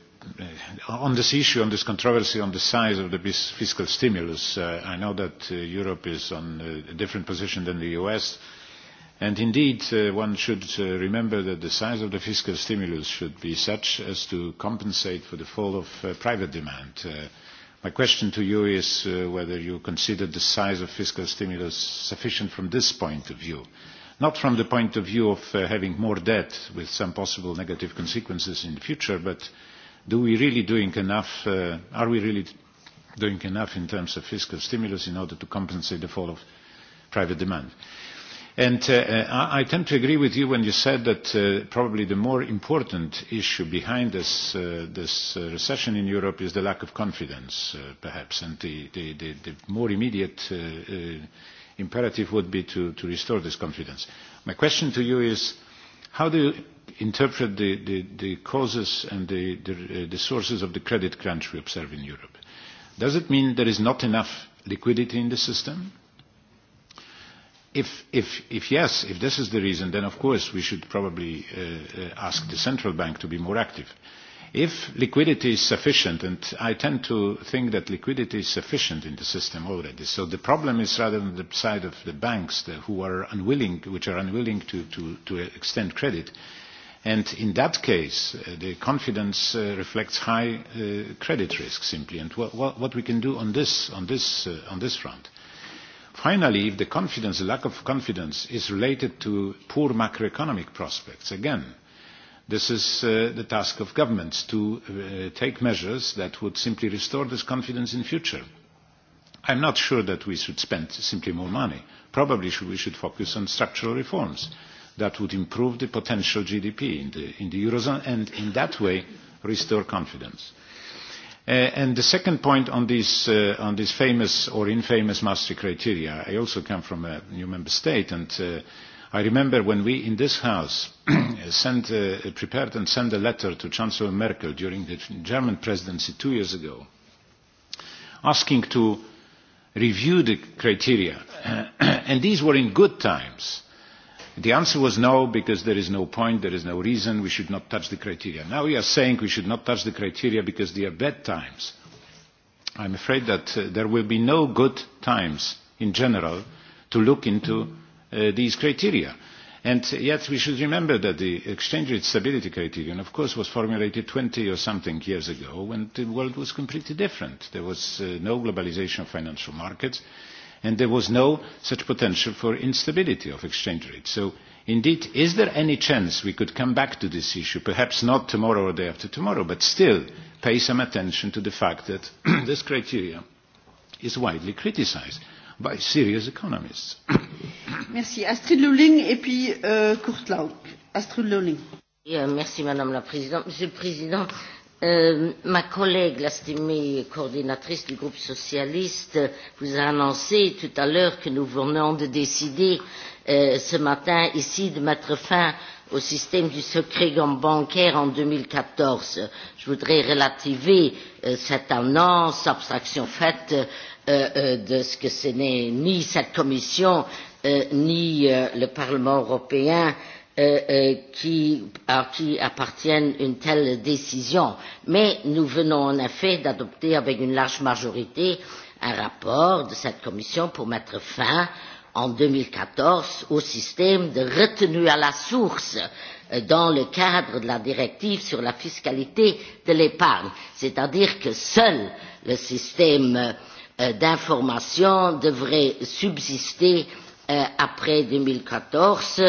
on this issue, on this controversy on the size of the fiscal stimulus, uh, I know that uh, Europe is on a different position than the US. And indeed, uh, one should uh, remember that the size of the fiscal stimulus should be such as to compensate for the fall of uh, private demand. Uh, my question to you is uh, whether you consider the size of fiscal stimulus sufficient from this point of view not from the point of view of having more debt with some possible negative consequences in the future, but do we really doing enough, uh, are we really doing enough in terms of fiscal stimulus in order to compensate the fall of private demand? And uh, I, I tend to agree with you when you said that uh, probably the more important issue behind this, uh, this uh, recession in Europe is the lack of confidence, uh, perhaps, and the, the, the, the more immediate uh, uh, imperative would be to, to restore this confidence. My question to you is, how do you interpret the, the, the causes and the, the, the sources of the credit crunch we observe in Europe. Does it mean there is not enough liquidity in the system? If, if, if yes, if this is the reason, then of course we should probably uh, uh, ask the central bank to be more active. If liquidity is sufficient, and I tend to think that liquidity is sufficient in the system already, so the problem is rather on the side of the banks the, who are unwilling, which are unwilling to, to, to extend credit, uh, And in that case, uh, the confidence uh, reflects high uh, credit risk simply, and what, what, we can do on this, on, this, uh, on this front. Finally, if the confidence, the lack of confidence is related to poor macroeconomic prospects, again, this is uh, the task of governments to uh, take measures that would simply restore this confidence in future. I'm not sure that we should spend simply more money. Probably we should focus on structural reforms. Mm-hmm that would improve the potential GDP in the, in the Eurozone and in that way restore confidence. Uh, and the second point on this, uh, on this famous or infamous Maastricht criteria, I also come from a new member state and uh, I remember when we in this House sent, uh, prepared and sent a letter to Chancellor Merkel during the German presidency two years ago asking to review the criteria. and these were in good times The answer was no, because there is no point, there is no reason, we should not touch the criteria. Now we are saying we should not touch the criteria because they are bad times. I'm afraid that uh, there will be no good times in general to look into uh, these criteria. And yet we should remember that the exchange rate stability criterion, of course, was formulated 20 or something years ago when the world was completely different. There was uh, no globalization of financial markets and there was no such potential for instability of exchange rates. So indeed, is there any chance we could come back to this issue, perhaps not tomorrow or the day after tomorrow, but still pay some attention to the fact that this criteria is widely criticized by serious economists. Merci. Astrid Lulling et puis euh, Kurt Lauk. Astrid Lulling. Merci Madame la Présidente. Monsieur le Président, ma collègue, l'estimée coordinatrice du groupe socialiste, vous a annoncé tout à l'heure que nous venons de décider ce matin ici de mettre fin au système du secret bancaire en deux mille quatorze. Je voudrais relativer cette annonce, abstraction faite de ce que ce n'est ni cette commission ni le Parlement européen euh, qui, à qui appartienne une telle décision. Mais nous venons en effet d'adopter avec une large majorité un rapport de cette commission pour mettre fin en deux mille quatorze au système de retenue à la source dans le cadre de la directive sur la fiscalité de l'épargne, c'est-à-dire que seul le système d'information devrait subsister après deux mille quatorze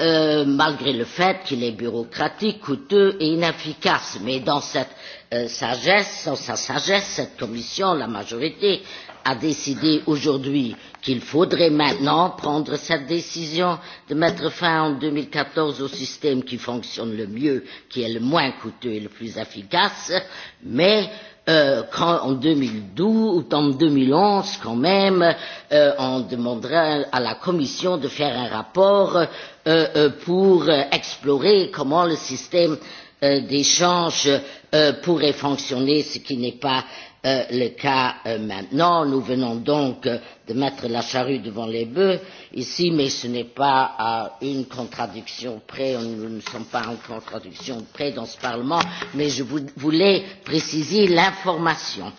malgré le fait qu'il est bureaucratique, coûteux et inefficace. Mais dans cette sagesse, dans sa sagesse, cette commission, la majorité, a décidé aujourd'hui qu'il faudrait maintenant prendre cette décision de mettre fin en deux mille quatorze au système qui fonctionne le mieux, qui est le moins coûteux et le plus efficace, mais euh, quand en 2012 ou en 2011 quand même, euh, on demandera à la Commission de faire un rapport euh, euh, pour explorer comment le système euh, d'échange euh, pourrait fonctionner, ce qui n'est pas le cas maintenant. Nous venons donc de mettre la charrue devant les bœufs ici, mais ce n'est pas à une contradiction près, nous ne sommes pas en contradiction près dans ce Parlement, mais je voulais préciser l'information.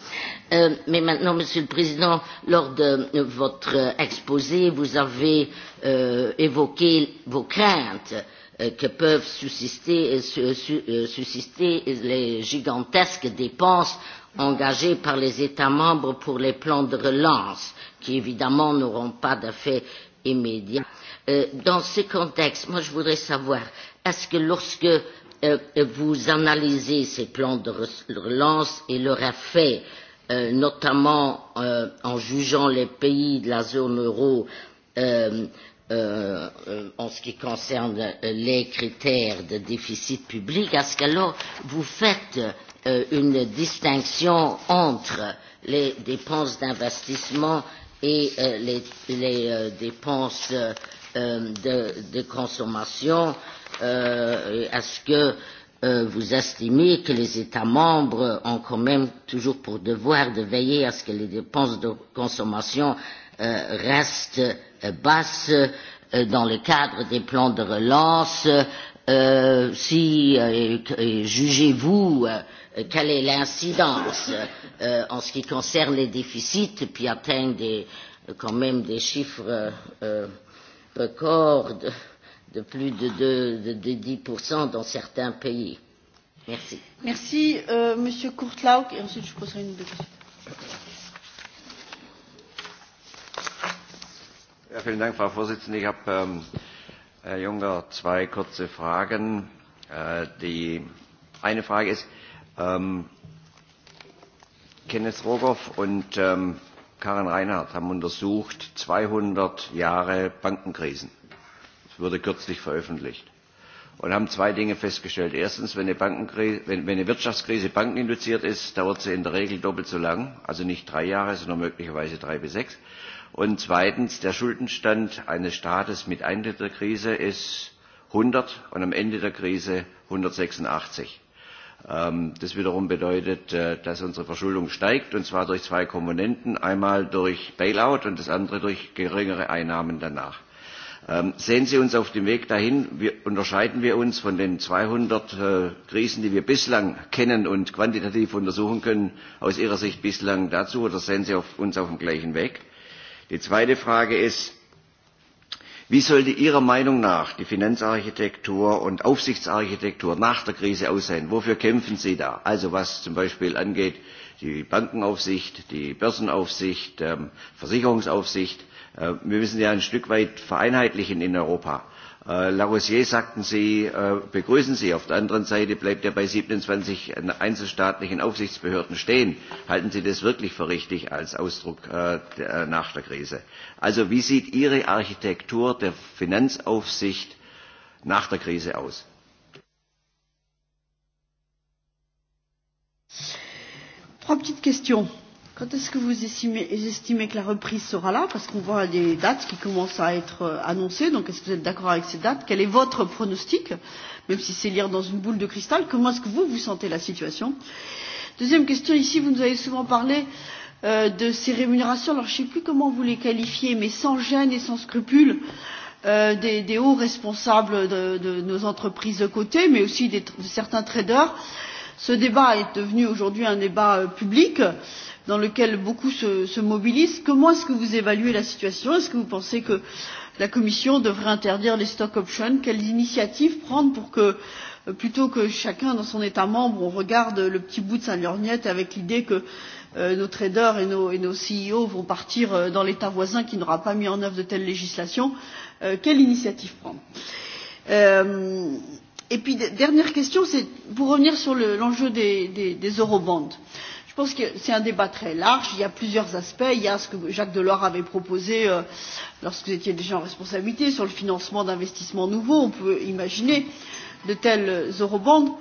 mais maintenant, Monsieur le Président, lors de votre exposé, vous avez évoqué vos craintes que peuvent susciter, susciter les gigantesques dépenses engagés par les États membres pour les plans de relance, qui évidemment n'auront pas d'effet immédiat. Dans ce contexte, moi je voudrais savoir, est-ce que lorsque vous analysez ces plans de relance et leur effet, notamment en jugeant les pays de la zone euro euh, euh, en ce qui concerne les critères de déficit public, est ce qu'alors vous faites une distinction entre les dépenses d'investissement et les, les dépenses de, de consommation. Est-ce que vous estimez que les États membres ont quand même toujours pour devoir de veiller à ce que les dépenses de consommation restent basses dans le cadre des plans de relance si jugez-vous quelle est l'incidence euh, en ce qui concerne les déficits puis atteignent des, quand même des chiffres euh, records de, de plus de, de, de, de 10% dans certains pays. Merci. Merci, euh, Monsieur Kurtlauk, et ensuite je poserai une question. Ja, vielen Dank, Frau Vorsitzende. Ich habe, ähm, Herr Juncker, zwei kurze Fragen. Äh, die eine Frage ist, äh, Ähm, Kenneth Rogoff und ähm, Karin Reinhardt haben untersucht 200 Jahre Bankenkrisen. Das wurde kürzlich veröffentlicht. Und haben zwei Dinge festgestellt. Erstens, wenn eine, Bankenkrise, wenn, wenn eine Wirtschaftskrise bankeninduziert ist, dauert sie in der Regel doppelt so lang. Also nicht drei Jahre, sondern möglicherweise drei bis sechs. Und zweitens, der Schuldenstand eines Staates mit Eintritt der Krise ist 100 und am Ende der Krise 186. Das wiederum bedeutet, dass unsere Verschuldung steigt, und zwar durch zwei Komponenten. Einmal durch Bailout und das andere durch geringere Einnahmen danach. Sehen Sie uns auf dem Weg dahin, unterscheiden wir uns von den 200 Krisen, die wir bislang kennen und quantitativ untersuchen können, aus Ihrer Sicht bislang dazu, oder sehen Sie uns auf dem gleichen Weg? Die zweite Frage ist, Wie sollte Ihrer Meinung nach die Finanzarchitektur und Aufsichtsarchitektur nach der Krise aussehen? Wofür kämpfen Sie da? Also was zum Beispiel angeht die Bankenaufsicht, die Börsenaufsicht, Versicherungsaufsicht. Wir müssen ja ein Stück weit vereinheitlichen in Europa. Larousier sagten Sie, begrüßen Sie. Auf der anderen Seite bleibt er bei 27 einzelstaatlichen Aufsichtsbehörden stehen. Halten Sie das wirklich für richtig als Ausdruck nach der Krise? Also wie sieht Ihre Architektur der Finanzaufsicht nach der Krise aus? Trois petites questions Quand est-ce que vous estimez, estimez que la reprise sera là Parce qu'on voit des dates qui commencent à être annoncées. Donc, est-ce que vous êtes d'accord avec ces dates Quel est votre pronostic Même si c'est lire dans une boule de cristal, comment est-ce que vous, vous sentez la situation Deuxième question, ici, vous nous avez souvent parlé euh, de ces rémunérations. Alors, je ne sais plus comment vous les qualifiez, mais sans gêne et sans scrupule. Euh, des, des hauts responsables de, de nos entreprises de côté, mais aussi des, de certains traders. Ce débat est devenu aujourd'hui un débat euh, public. Euh, dans lequel beaucoup se, se mobilisent. Comment est-ce que vous évaluez la situation Est-ce que vous pensez que la Commission devrait interdire les stock options Quelles initiatives prendre pour que, plutôt que chacun dans son État membre, on regarde le petit bout de sa lorgnette avec l'idée que euh, nos traders et nos, et nos CEO vont partir euh, dans l'État voisin qui n'aura pas mis en œuvre de telle législation euh, Quelle initiative prendre euh, et puis dernière question, c'est pour revenir sur l'enjeu le, des, des, des eurobonds. Euh, je pense que c'est un débat très large. Il y a plusieurs aspects. Il y a ce que Jacques Delors avait proposé euh, lorsque vous étiez déjà en responsabilité sur le financement d'investissements nouveaux. On peut imaginer de tels eurobonds.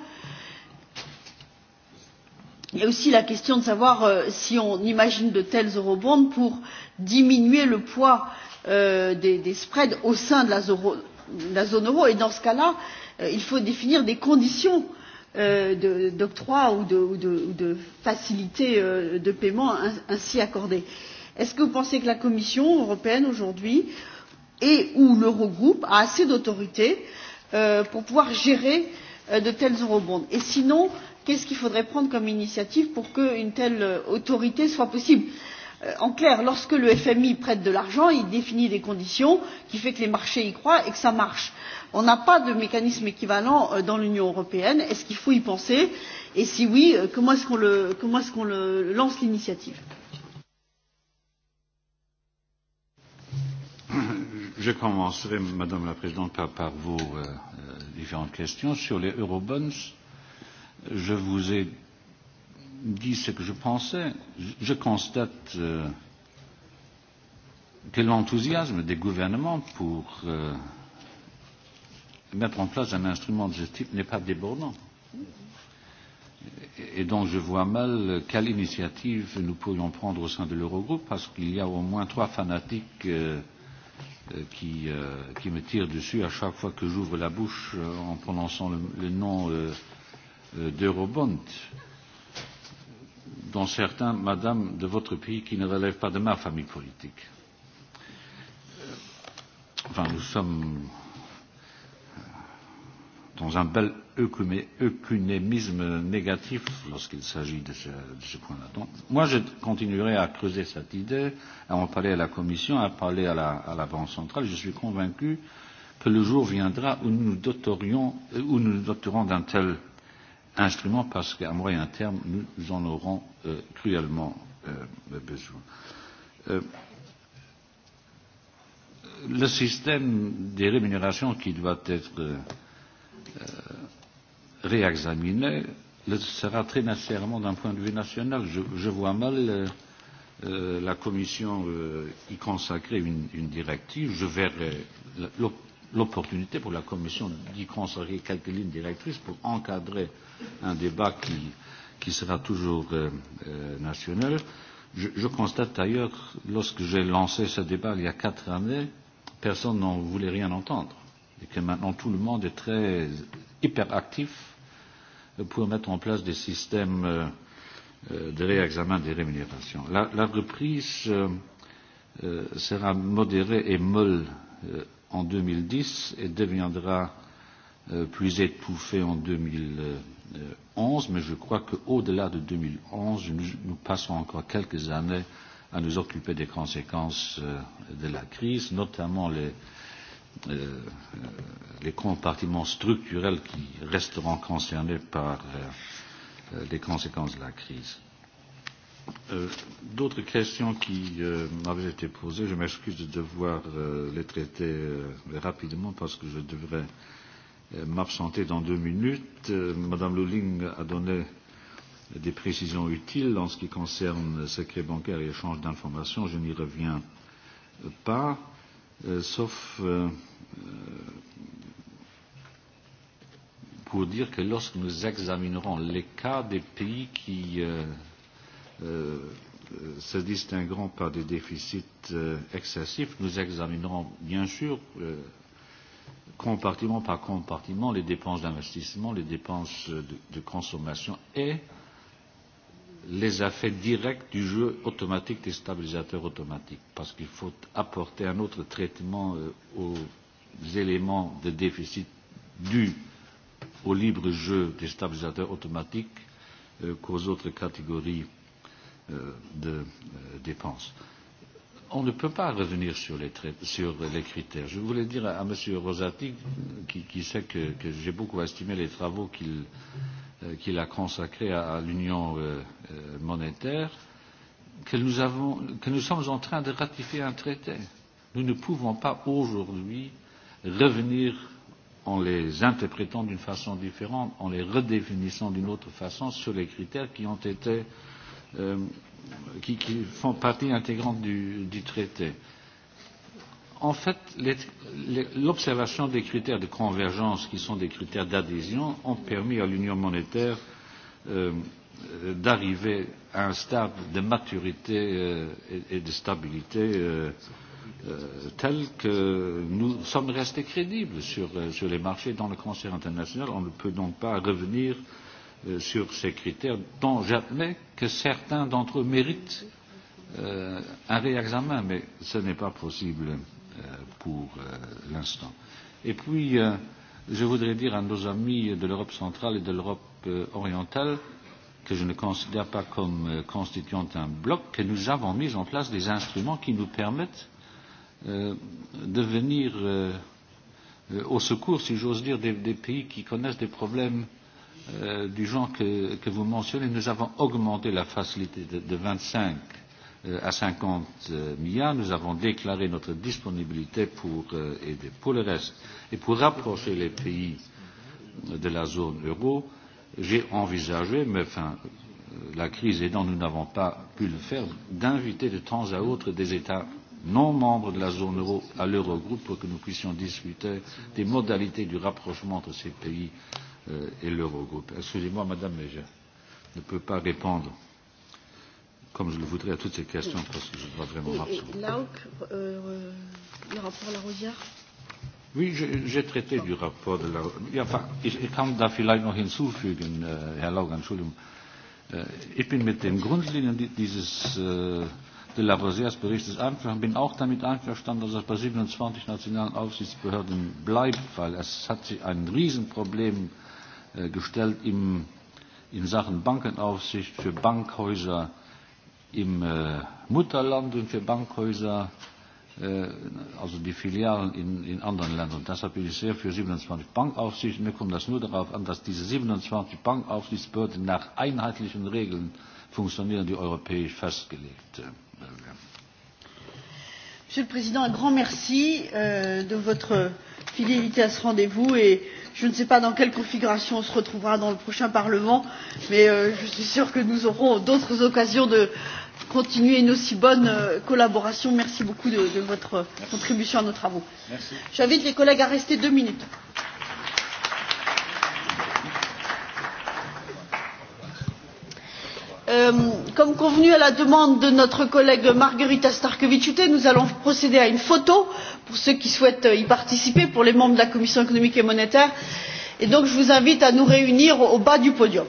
Il y a aussi la question de savoir euh, si on imagine de tels eurobonds pour diminuer le poids euh, des, des spreads au sein de la, zoro, de la zone euro. Et dans ce cas-là, euh, il faut définir des conditions euh, euh, d'octroi ou de, ou de, ou de facilité euh, de paiement ainsi accordée. Est-ce que vous pensez que la Commission européenne aujourd'hui et ou l'Eurogroupe a assez d'autorité euh, pour pouvoir gérer euh, de tels eurobonds Et sinon, qu'est-ce qu'il faudrait prendre comme initiative pour qu'une telle autorité soit possible euh, en clair lorsque le fmi prête de l'argent il définit des conditions qui font que les marchés y croient et que cela marche. on n'a pas de mécanisme équivalent dans l'union européenne. est ce qu'il faut y penser et si oui comment est ce qu'on lance l'initiative? je commencerai madame la présidente par vos différentes questions. sur les eurobonds je vous ai dit ce que je pensais. Je constate euh, que l'enthousiasme des gouvernements pour euh, mettre en place un instrument de ce type n'est pas débordant. Et donc je vois mal quelle initiative nous pourrions prendre au sein de l'Eurogroupe parce qu'il y a au moins trois fanatiques euh, qui, euh, qui me tirent dessus à chaque fois que j'ouvre la bouche en prononçant le, le nom euh, d'Eurobond. Euh, dont certains, madame, de votre pays, qui ne relèvent pas de ma famille politique. Enfin, nous sommes dans un bel œcunémisme négatif lorsqu'il s'agit de ce, de ce point-là. Donc, moi, je continuerai à creuser cette idée, à en parler à la Commission, à parler à la, à la Banque centrale. Je suis convaincu que le jour viendra où nous doterions, où nous doterons d'un tel instrument parce qu'à moyen terme, nous en aurons euh, cruellement euh, besoin. Euh, le système des rémunérations qui doit être euh, réexaminé le sera très nécessairement d'un point de vue national. Je, je vois mal euh, la Commission euh, y consacrer une, une directive. Je verrai l'opportunité pour la Commission d'y consacrer quelques lignes directrices pour encadrer un débat qui, qui sera toujours euh, euh, national. Je, je constate d'ailleurs, lorsque j'ai lancé ce débat il y a quatre années, personne n'en voulait rien entendre. Et que maintenant tout le monde est très hyperactif pour mettre en place des systèmes de réexamen des rémunérations. La, la reprise sera modérée et molle en 2010 et deviendra plus étouffée en 2011, mais je crois qu'au-delà de 2011, nous, nous passons encore quelques années à nous occuper des conséquences de la crise, notamment les, les compartiments structurels qui resteront concernés par les conséquences de la crise. D'autres questions qui euh, m'avaient été posées, je m'excuse de devoir euh, les traiter euh, rapidement parce que je devrais euh, m'absenter dans deux minutes. Euh, Madame Luling a donné des précisions utiles en ce qui concerne secret bancaire et échange d'informations. Je n'y reviens pas, euh, sauf euh, pour dire que lorsque nous examinerons les cas des pays qui euh, se distinguant par des déficits excessifs. Nous examinerons bien sûr compartiment par compartiment les dépenses d'investissement, les dépenses de, consommation et les effets directs du jeu automatique des stabilisateurs automatiques, parce qu'il faut apporter un autre traitement aux éléments de déficit dus au libre jeu des stabilisateurs automatiques qu'aux autres catégories de dépenses. On ne peut pas revenir sur les, sur les critères. Je voulais dire à, à M. Rosati, qui, qui sait que, que j'ai beaucoup estimé les travaux qu'il euh, qu a consacrés à, à l'union euh, euh, monétaire, que nous, avons, que nous sommes en train de ratifier un traité. Nous ne pouvons pas aujourd'hui revenir en les interprétant d'une façon différente, en les redéfinissant d'une autre façon sur les critères qui ont été euh, qui, qui font partie intégrante du, du traité. En fait, l'observation des critères de convergence, qui sont des critères d'adhésion, ont permis à l'union monétaire euh, d'arriver à un stade de maturité euh, et, et de stabilité euh, euh, tel que nous sommes restés crédibles sur, sur les marchés dans le concert international. On ne peut donc pas revenir euh, sur ces critères, dont j'admets que certains d'entre eux méritent un réexamen, mais ce n'est pas possible pour l'instant. Et puis, je voudrais dire à nos amis de l'Europe centrale et de l'Europe orientale que je ne considère pas comme constituant un bloc, que nous avons mis en place des instruments qui nous permettent de venir au secours, si j'ose dire, des, des pays qui connaissent des problèmes euh, du genre que, que vous mentionnez, nous avons augmenté la facilité de, de 25 euh, à 50 euh, milliards. Nous avons déclaré notre disponibilité pour euh, aider. Pour le reste, et pour rapprocher les pays de la zone euro, j'ai envisagé, mais enfin, la crise aidant, nous n'avons pas pu le faire, d'inviter de temps à autre des États non membres de la zone euro à l'Eurogroupe pour que nous puissions discuter des modalités du rapprochement entre ces pays et l'Eurogroupe. Excusez-moi, Madame, mais je ne peux pas répondre comme je le voudrais à toutes ces questions parce que je dois vraiment marcher. m'absenter. L'AUC, euh, le rapport la rosière Oui, j'ai traité du rapport de la. rosière. Enfin, ich, ich kann da vielleicht noch hinzufügen, äh, Herr Lauger, Entschuldigung. Äh, ich bin mit den Grundlinien dieses äh, de la Rosiers Berichts einverstanden, bin auch damit einverstanden, dass das bei 27 nationalen Aufsichtsbehörden bleibt, weil es hat sich ein Riesenproblem äh, gestellt im, in Sachen Bankenaufsicht für Bankhäuser im äh, Mutterland und für Bankhäuser, äh, also die Filialen in, in anderen Ländern. Deshalb bin ich sehr für 27 Bankaufsicht. Mir kommt das nur darauf an, dass diese 27 Bankaufsichtsbehörden nach einheitlichen Regeln funktionieren, die europäisch festgelegt werden monsieur le président un grand merci de votre fidélité à ce rendez vous et je ne sais pas dans quelle configuration on se retrouvera dans le prochain parlement mais je suis sûre que nous aurons d'autres occasions de continuer une aussi bonne collaboration. merci beaucoup de votre contribution à nos travaux. j'invite les collègues à rester deux minutes. comme convenu à la demande de notre collègue margherita starkeviit nous allons procéder à une photo pour ceux qui souhaitent y participer pour les membres de la commission économique et monétaire et donc je vous invite à nous réunir au bas du podium.